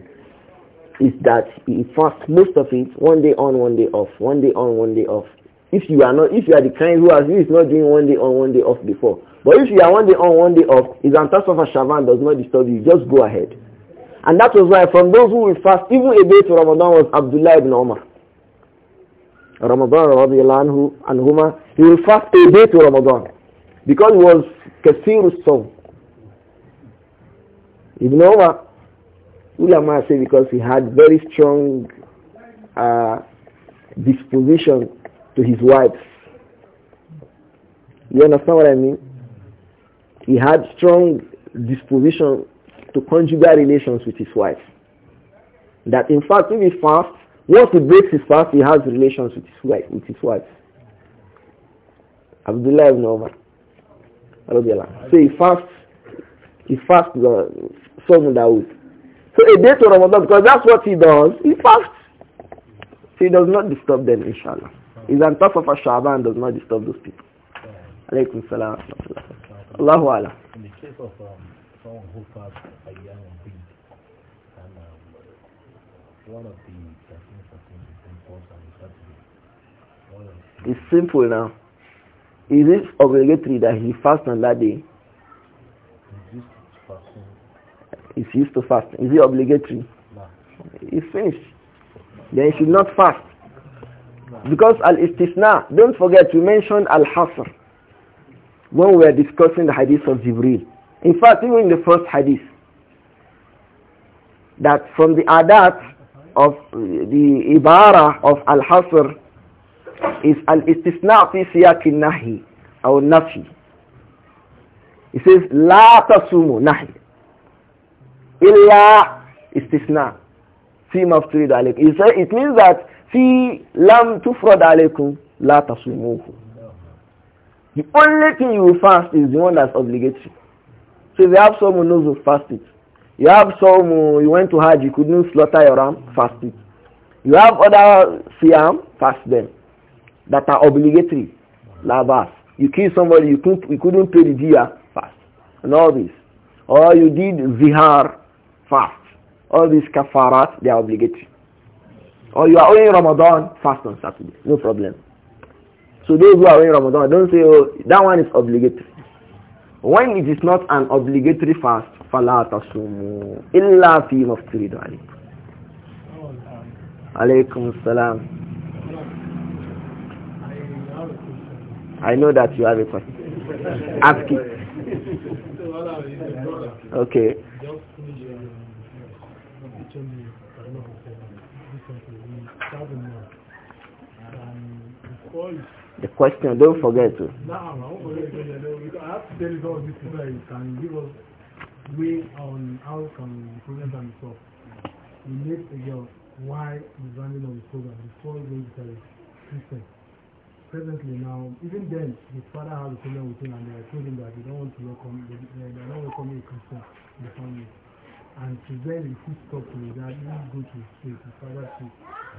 A: is that he fast most of it one day on, one day off, one day on, one day off. If you are not, if you are the kind who has who is not doing one day on, one day off before, but if you are one day on, one day off, is antasafa shavan does not disturb you. Just go ahead, and that was why from those who will fast, even a day to Ramadan was Abdullah ibn Omar. Ramadan radiallahu anhu, anhuma, he will fast a day to Ramadan because he was kasir song. Ibn Umar, ulama say because he had very strong uh, disposition to his wives. You understand what I mean? He had strong disposition to conjugal relations with his wife. That in fact, if he fast. Once he breaks his fast, he has relations with his wife. With his wife. Abdullah ibn Umar. So he fasts, he fasts the uh, son of Dawood. So a day to Ramadan, because that's what he does, he fasts. So he does not disturb them, inshallah. He's on top of a and does not disturb those people. Alaykum salam. Allahu Allah. In the case of um, someone who fasts a young beat, and um, one of the It's simple now. Is it obligatory that he fast on that day? He's used to fasting. Is it obligatory? No. It's finished. Then he should not fast. No. Because al-istisna, don't forget, we mentioned al-hasr when we were discussing the hadith of Jibril. In fact, even in the first hadith, that from the adat of the ibara of al-hasr is al-istisna fi siyaq nahi or nafi. It says la tasumu nahi illa istisna fi mafturid alaykum. It means that fi lam tufrad alaykum la tasumu. The only thing you will fast is the one that's obligatory. So if you have someone who fasted. fast it. You have some you went to Hajj, you couldn't slaughter your ram, fast it. You have other siam, fast them that are obligatory. Lavas. You kill somebody, you couldn't, you couldn't pay the dia fast. And all this. Or you did zihar fast. All these kafarat, they are obligatory. Or you are only Ramadan, fast on Saturday. No problem. So those who are in Ramadan, don't say, oh, that one is obligatory. When it is not an obligatory fast, فَلَا تَصُومُوا إِلَّا فِي مَفْتُرِدُ عَلَيْكُمْ عليكم السلام I know that you have a question. Ask it. Okay. The question, don't forget to. Way on how can prevent and stop. We need to hear why he's running on the program before he goes to Christian presently now, even then, his father has a problem with him and they told him that they don't want to welcome, they, they, don't welcome a Christian in the family. And to then he talk to that, he didn't go to his faith, his father too.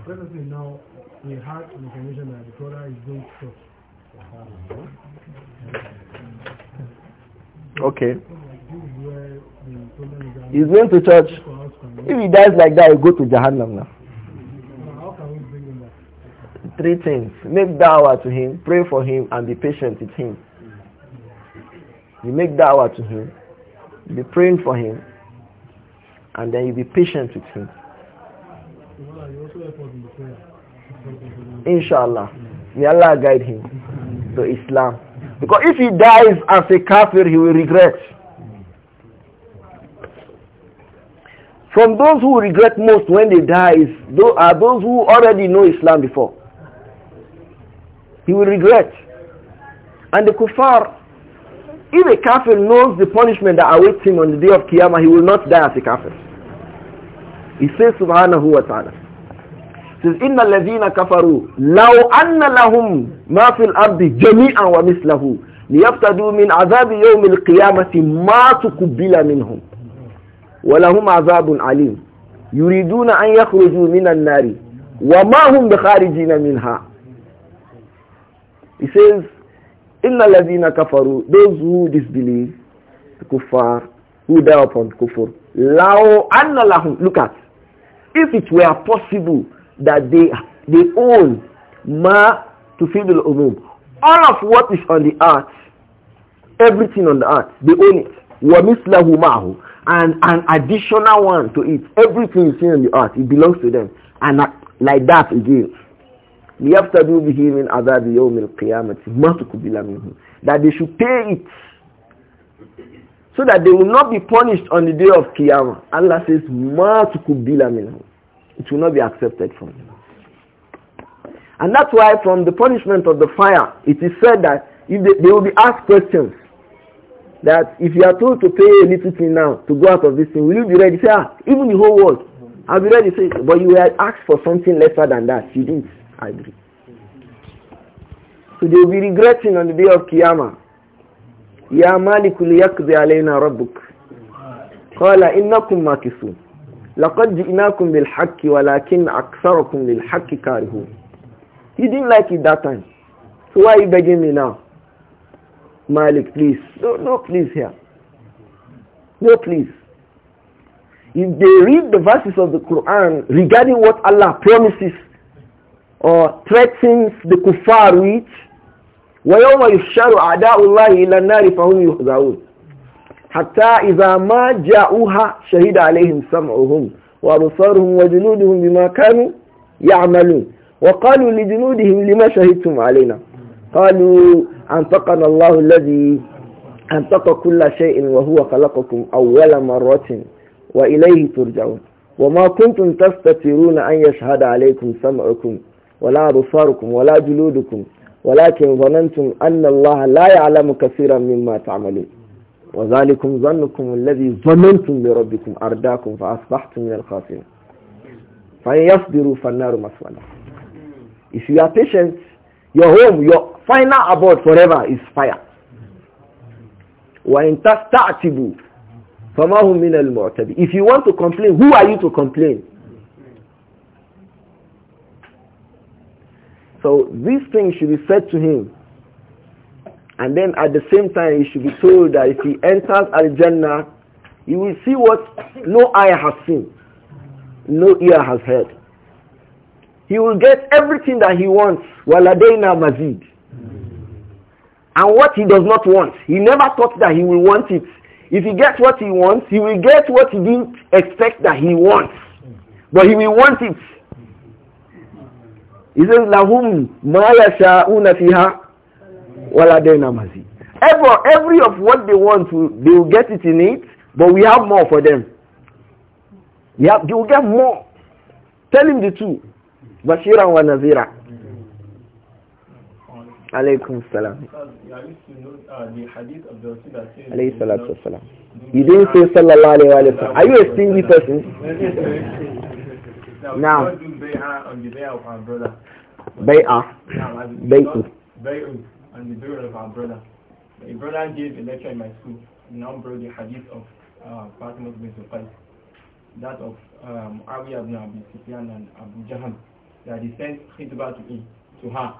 A: Presently now, we had information that the brother is going to church. Okay. He's going to church. If he dies like that, he'll go to Jahannam now three things. Make da'wah to him, pray for him, and be patient with him. You make da'wah to him, you be praying for him, and then you be patient with him. Inshallah. May Allah guide him to Islam. Because if he dies as a kafir, he will regret. From those who regret most when they die are those who already know Islam before he will regret and the kufar if a kafir knows the punishment that awaits him on the day of qiyamah he will not die as a kafir he says subhanahu wa ta'ala says inna allatheena kafaru law anna lahum ma fil ardi jami'an wa mislahu liyaftadu min adhabi yawm al qiyamati ma tuqbila minhum wa lahum adhabun alim yuriduna an yakhruju min an nari wa ma hum bi minha he says, Inna ladina kafaru, those who disbelieve, the kuffar, who die upon kufur, lao anna lahum, look at, if it were possible that they, they own ma tufidul umum, all of what is on the earth, everything on the earth, they own it. Wa وَمِثْلَهُ مَعْهُ And an additional one to it. Everything you see on the earth, it belongs to them. And like that again. لِيَفْتَدُوا بِهِ مِنْ عَذَابِ يَوْمِ الْقِيَامَةِ مَا تُقْبِلَ مِنْهُمْ That they should pay it so that they will not be punished on the day of Qiyamah. Allah says, مَا تُقْبِلَ مِنْهُمْ It will not be accepted from them. And that's why from the punishment of the fire, it is said that if they, they will be asked questions that if you are told to pay a little thing now to go out of this thing, will you be ready? Say, ah, even the whole world. I'll be ready. Say, but you were asked for something lesser than that. You didn't agree. So they will be regretting on the day of Qiyamah. Ya مالك ليقضي علينا ربك قال إنكم ماكثون لقد جئناكم بالحق ولكن أكثركم للحق كارهون He didn't like it that time. So why are you begging me now? Malik, please. No, no, please here. No, please. If they read the verses of the Quran regarding what Allah promises or threatens the kuffar with ويوم يحشر أعداء الله إلى النار فهم يحذرون حتى إذا ما جاءوها شهد عليهم سمعهم وأبصارهم وجنودهم بما كانوا يعملون وقالوا لجنودهم لما شهدتم علينا قالوا أنطقنا الله الذي أنطق كل شيء وهو خلقكم أول مرة وإليه ترجعون وما كنتم تستترون أن يشهد عليكم سمعكم ولا بصاركم ولا جلودكم ولكن ظننتم أن الله لا يعلم كثيرا مما تعملون وذلكم ظنكم الذي ظننتم بربكم أرداكم فأصبحتم من الخاسرين فإن يصبروا فالنار مثوى If you are patient, your home, your final abode forever is fire. وإن تستعتبوا فما هم من المعتدين If you want to complain, who are you to complain? So these things should be said to him. And then at the same time, he should be told that if he enters Al-Jannah, he will see what no eye has seen, no ear has heard. He will get everything that he wants. Waladaina mazid. And what he does not want, he never thought that he will want it. If he gets what he wants, he will get what he didn't expect that he wants. But he will want it he says, Lahum ma yasha'una fiha waladena mazid. Every, every of what they want, they will get it in it, but we have more for them. We have, they will get more. Tell him the truth. Bashira wa Nazira. Alaykum salam. Alayhi salatu wasalam. You didn't say sallallahu alayhi wa sallam. Are you a stingy person? Now, now what do bay'ah on your of our brother? Bay'ah. Bay'ah. Bay'ah on the burial of our brother. A brother gave a lecture in my school. Now brought the hadith of uh, Fatima bin Sufais, that of um, Awiyah ibn Abi Sufyan and Abu Jahan, that he sent khitbah to, him, to her.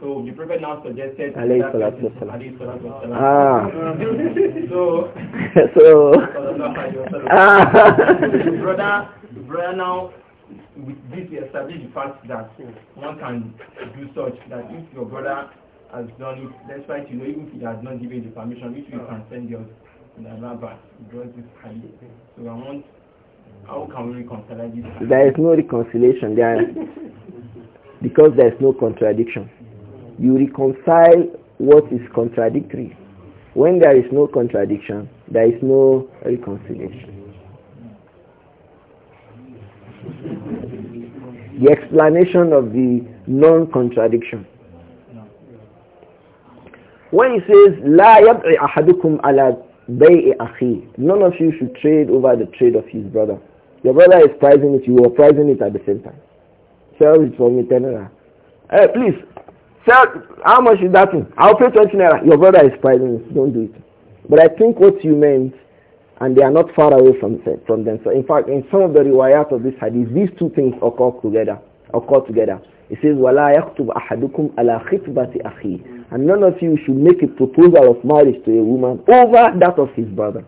A: So the Prophet now suggested alayhi that salatu Ah. so, so, Ah. brother, brother now with this we establish the fact that one can do such that if your brother has done it, despite you know even if he has not given the permission, which we can send you another because So I want how can we reconcile this? There is no reconciliation there because there is no contradiction. You reconcile what is contradictory. When there is no contradiction, there is no reconciliation. the explanation of the non-contradiction. When he says, لا يبعي أحدكم على بيع none of you should trade over the trade of his brother. Your brother is pricing it, you are pricing it at the same time. Sell it for me 10 naira. Hey, eh, please, sell, how much is that thing? I'll pay 20 naira. Your brother is pricing it, don't do it. But I think what you meant and they are not far away from, from them. So in fact, in some of the riwayat of this hadith, these two things occur together. Occur together. It says, وَلَا يَخْتُبْ أَحَدُكُمْ عَلَى خِطْبَةِ أَخِيهِ And none of you should make a proposal of marriage to a woman over that of his brother.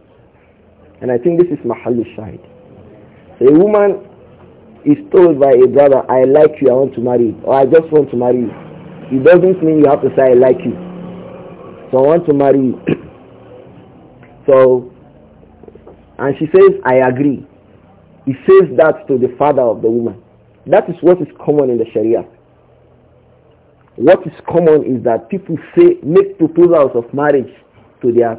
A: And I think this is mahal shahid. So a woman is told by a brother, I like you, I want to marry you, or I just want to marry you. It doesn't mean you have to say, I like you. So I want to marry you. so and she says, I agree. He says that to the father of the woman. That is what is common in the Sharia. What is common is that people say, make proposals of marriage to their,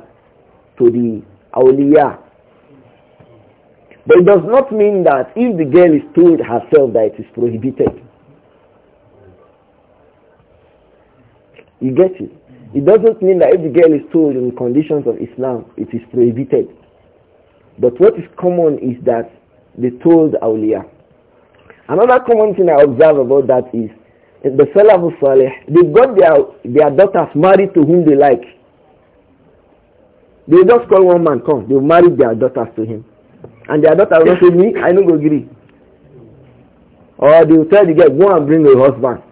A: to the awliya. But it does not mean that if the girl is told herself that it is prohibited. You get it? It doesn't mean that if the girl is told in conditions of Islam, it is prohibited. But what is common is that they told Awliya. Another common thing I observe about that is the Salaf Saleh, they got their, their daughters married to whom they like. They just call one man, come, they marry their daughters to him. And their daughter will say, me, I don't go agree. Or they will tell the girl, go and bring a husband.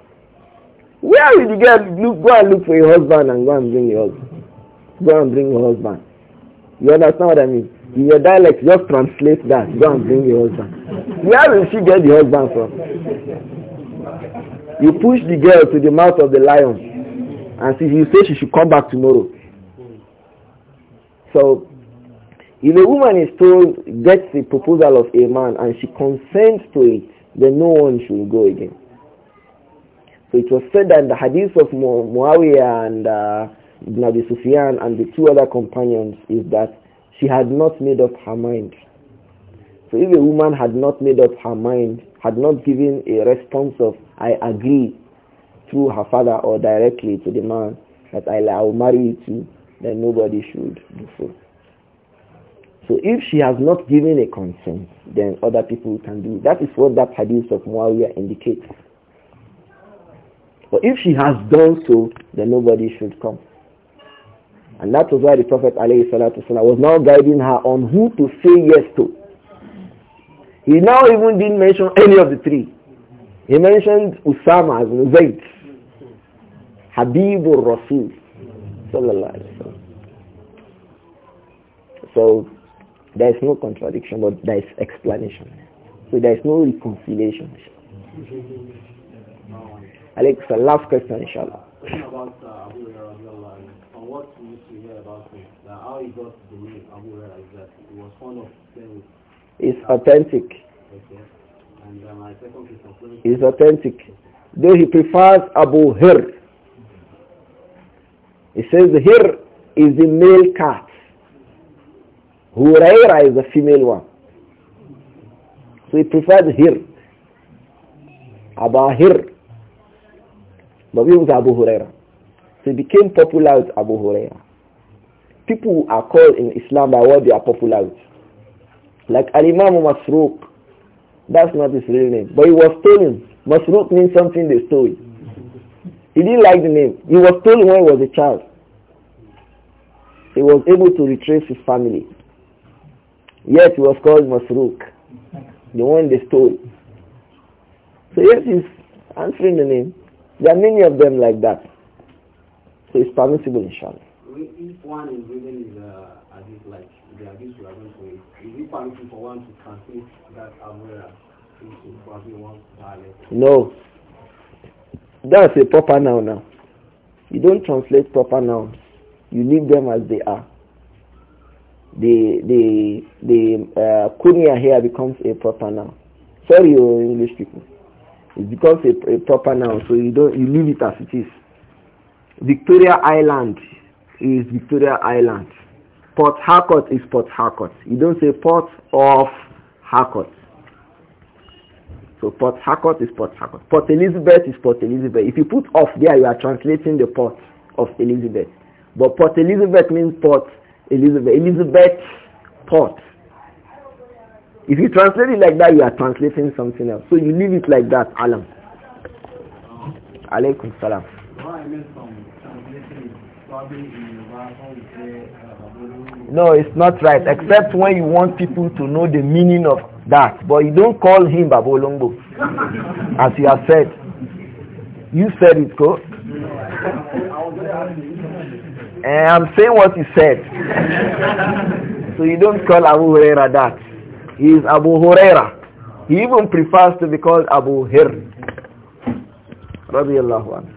A: Where will the girl look, go and look for a husband and go and bring a husband? Go and bring a husband. You understand what I mean? In your dialect, just translate that. Go and bring your husband. Where will she get the husband from? You push the girl to the mouth of the lion. And see, you say she should come back tomorrow. So, if a woman is told, gets the proposal of a man and she consents to it, then no one should go again. So it was said that the hadith of Muawiyah and uh, Sufyan and the two other companions is that she had not made up her mind. So if a woman had not made up her mind, had not given a response of, I agree, through her father or directly to the man that I, will marry you to, then nobody should do so. So if she has not given a consent, then other people can do. That is what that hadith of Muawiyah indicates. But if she has done so, then nobody should come. And that was why the Prophet والسلام, was now guiding her on who to say yes to. He now even didn't mention any of the three. He mentioned Usama as Zayd, Habibur Rasul. So there is no contradiction, but there is explanation. So there is no reconciliation. Alex, last question, inshallah what we used to hear about him, how he got the name Abu Hurairah is that he was of It's authentic. Okay. And uh, my second piece of clothing. It's authentic. Though he prefers Abu Hir. He says Hir is the male cat. Huraira is the female one. So he prefers Hir. Hir. But we use Abu Huraira he became popular with Abu Huraira. People are called in Islam by what they are popular with. Like Al-Imam Masruq. That's not his real name. But he was stolen. Masruq means something they stole. He didn't like the name. He was stolen when he was a child. He was able to retrace his family. Yet he was called Masruq. The one they stole. So yes, he's answering the name. There are many of them like that. So it's permissible, inshallah. If one is reading is uh, as if like the abuse we are going to is it permissible for one to translate that Amora into probably to dialect? No. That's a proper noun now. You don't translate proper nouns. You leave them as they are. The the the uh, kunya here becomes a proper noun. Sorry, you English people. It becomes a, a proper noun, so you don't you leave it as it is. Victoria Island is Victoria Island. Port Harcourt is Port Harcourt. You don't say Port of Harcourt. So Port Harcourt is Port Harcourt. Port Elizabeth is Port Elizabeth. If you put off there, you are translating the Port of Elizabeth. But Port Elizabeth means Port Elizabeth. Elizabeth Port. If you translate it like that, you are translating something else. So you leave it like that. Alam. Alaykum salam. No, it's not right, except when you want people to know the meaning of that. But you don't call him Babolongo, as you have said. You said it, Ko. and eh, I'm saying what you said. so you don't call Abu Huraira that. He is Abu Huraira. He even prefers to be called Abu Hir. Radiallahu anhu.